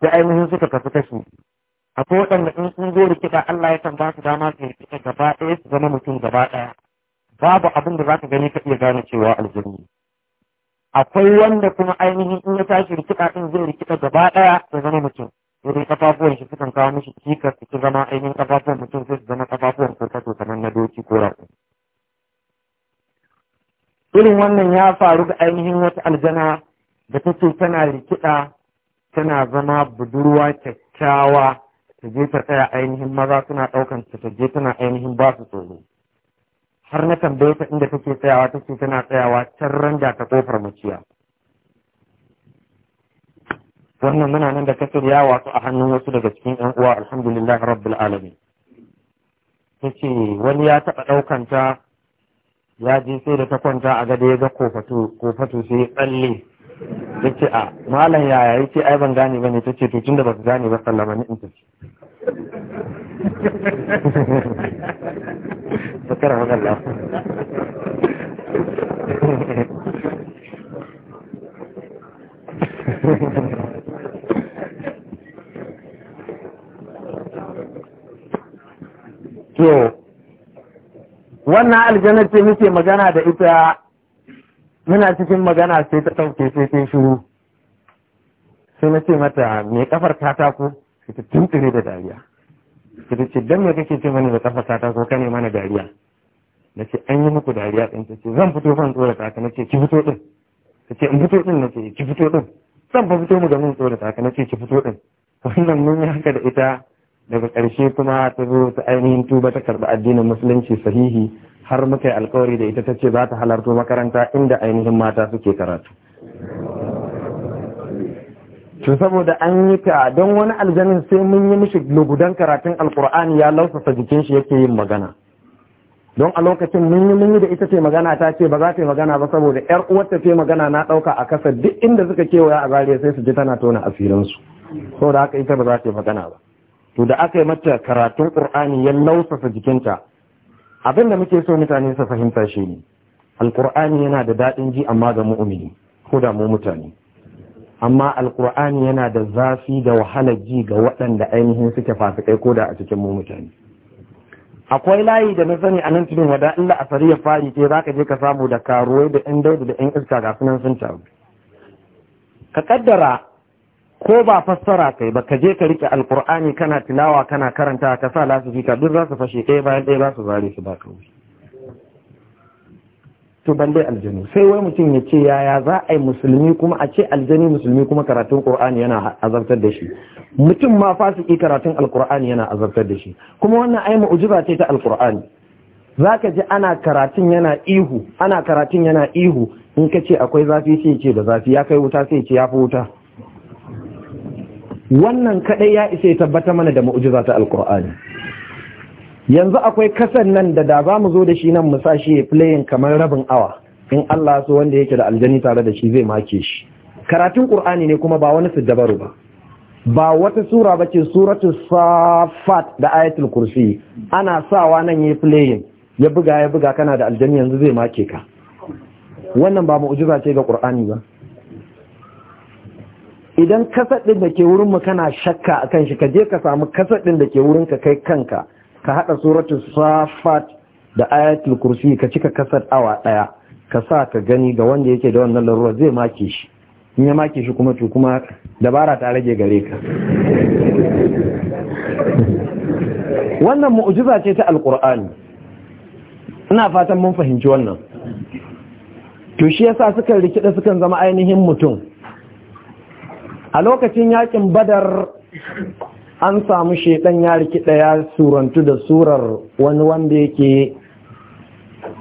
da ainihin suka kasu kashi ko waɗanda in sun zo rikita, Allah yakan ba su dama su rikida gaba ɗaya su zama mutum gaba ɗaya babu abin da za ka gani ka iya gane cewa aljani akwai wanda kuma ainihin in ya tashi rikida din zai rikida gaba ɗaya ya zama mutum Irin kafafuwan shi sukan kawo mishi cikar su zama ainihin kafafuwan mutum sai su zama kafafuwan kaso, kamar na doki ko raƙo irin wannan ya faru da ainihin wata aljana da ta ce tana rikida tana zama budurwa kyakkyawa ta je ta tsaya ainihin maza suna ɗaukan ta ta je tana ainihin ba su tsoro har na tambaye ta inda take tsayawa ta ce tana tsayawa can randa ta kofar maciya wannan muna nan da kasar ya watsu a hannun wasu daga cikin yan uwa alhamdulillah rabbil alamin tace wani ya taɓa ɗaukanta ya je sai da ta kwanta a gada ya ga kofato sai ya tsalle ya ce a malam yaya ya ce ai ban gane ba ne ta ce to tunda ba su gane ba sallama ni in magalla Thank you. to wannan aljanar ce muke magana da ita muna cikin magana sai ta ɗauke sai ta shiru sai na ce mata me kafar katako ku? ta tuntune da dariya ita ce dan me kake ce mana da kafar katako kane mana dariya na ce an yi muku dariya ɗin ta ce zan fito fan tsorata ka na ce ki fito ɗin ta ce in fito ɗin na ce ki fito ɗin zan fa fito mu da mun tsorata ka na ce ki fito ɗin wannan mun yi haka da ita daga ƙarshe kuma ta zo ta ainihin tuba ta karɓi addinin musulunci sahihi har muka yi alkawari da ita ta ce za ta halarto makaranta inda ainihin mata suke karatu to saboda an yi ta don wani aljanin sai mun yi mishi lugudan karatun alkur'ani ya lausasa jikin shi yake yin magana don a lokacin mun yi mun yi da ita ce magana ta ce ba za ta yi magana ba saboda yar uwarta ce magana na ɗauka a kasa duk inda suka kewaya a zariya sai su ji tana tona asirinsu saboda haka ita ba za ta yi magana ba to da aka yi mata karatun ƙur'ani ya lausasa jikinta abin da muke so mutane su fahimta shi ne alƙur'ani yana da daɗin ji amma ga mu'mini ko da mu mutane amma alƙur'ani yana da zafi da wahalar ji ga waɗanda ainihin suke fasikai ko da a cikin mu mutane akwai layi da na sani a nan cikin wada illa a ya fari ce za ka je ka samu da karuwai da 'yan daudu da 'yan iska ga sunan sun taru ka kaddara ko ba fassara kai ba ka je ka rike alkur'ani kana tilawa kana karanta ka sa lafifi ka duk za su fashe ɗaya bayan ɗaya za su zare su ba ka wuce. to ban dai aljanu sai wai mutum ya ce yaya za a yi musulmi kuma a ce aljani musulmi kuma karatun qur'ani yana azabtar da shi mutum ma fasiki karatun alkur'ani yana azabtar da shi kuma wannan ai mu'jiza ce ta za ka ji ana karatun yana ihu ana karatun yana ihu in ka ce akwai zafi sai ce da zafi ya kai wuta sai ce ya fi wuta wannan kaɗai ya isa ya tabbata mana da mu'jiza ta alkur'ani yanzu akwai kasan nan da da za mu zo da shi nan mu sa shi ya playing kamar rabin awa in Allah so wanda yake da aljani tare da shi zai make shi karatun ƙur'ani ne kuma ba wani siddabaru ba ba wata sura bace suratul safat da ayatul kursi ana sawa nan yayi playing ya buga ya buga kana da aljani yanzu zai make ka wannan ba mu'jiza ce ga ƙur'ani ba idan kasaɗin da ke wurin mu kana shakka akan shi ka je ka samu kasaɗin da ke wurin ka kai kanka ka haɗa suratu safat da ayatul kursi ka cika kasar awa ɗaya ka sa ka gani ga wanda yake da wannan larura zai make shi in ya make shi kuma to kuma dabara ta rage gare ka wannan mu'jiza ce ta alqur'ani ina fatan mun fahimci wannan to shi yasa suka rikida sukan zama ainihin mutum a lokacin yakin badar an samu shedan ya rikida ya surantu da surar wani wanda yake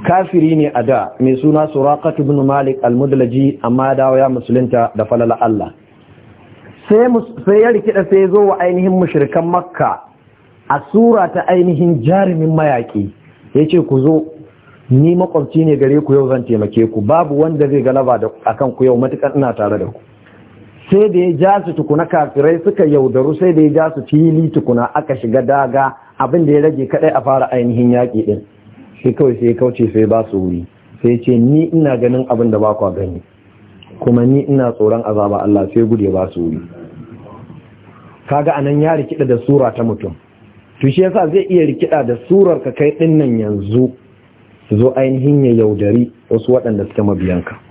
kafiri ne a da mai suna surakatu ibn malik al-mudlaji amma dawo ya musulunta da falala Allah sai ya da sai zo wa ainihin mushrikan makka a sura ta ainihin jarumin mayaki yace ku zo ni makwabci ne gare ku yau zan taimake ku babu wanda zai galaba da akan ku yau matukar ina tare da ku sai da ya ja su tukuna kafirai suka yaudaru sai da ya ja su fili tukuna aka shiga daga abin da ya rage kadai a fara ainihin yaƙi ɗin. sai kawai sai kauce sai ba su wuri sai ce ni ina ganin abin da ba kwa gani kuma ni ina tsoron azaba Allah sai gude ba su wuri kaga anan ya rikida da sura ta mutum to shi yasa zai iya rikida da surar ka kai ɗinnan yanzu yanzu zo ainihin ya yaudari wasu waɗanda suka mabiyanka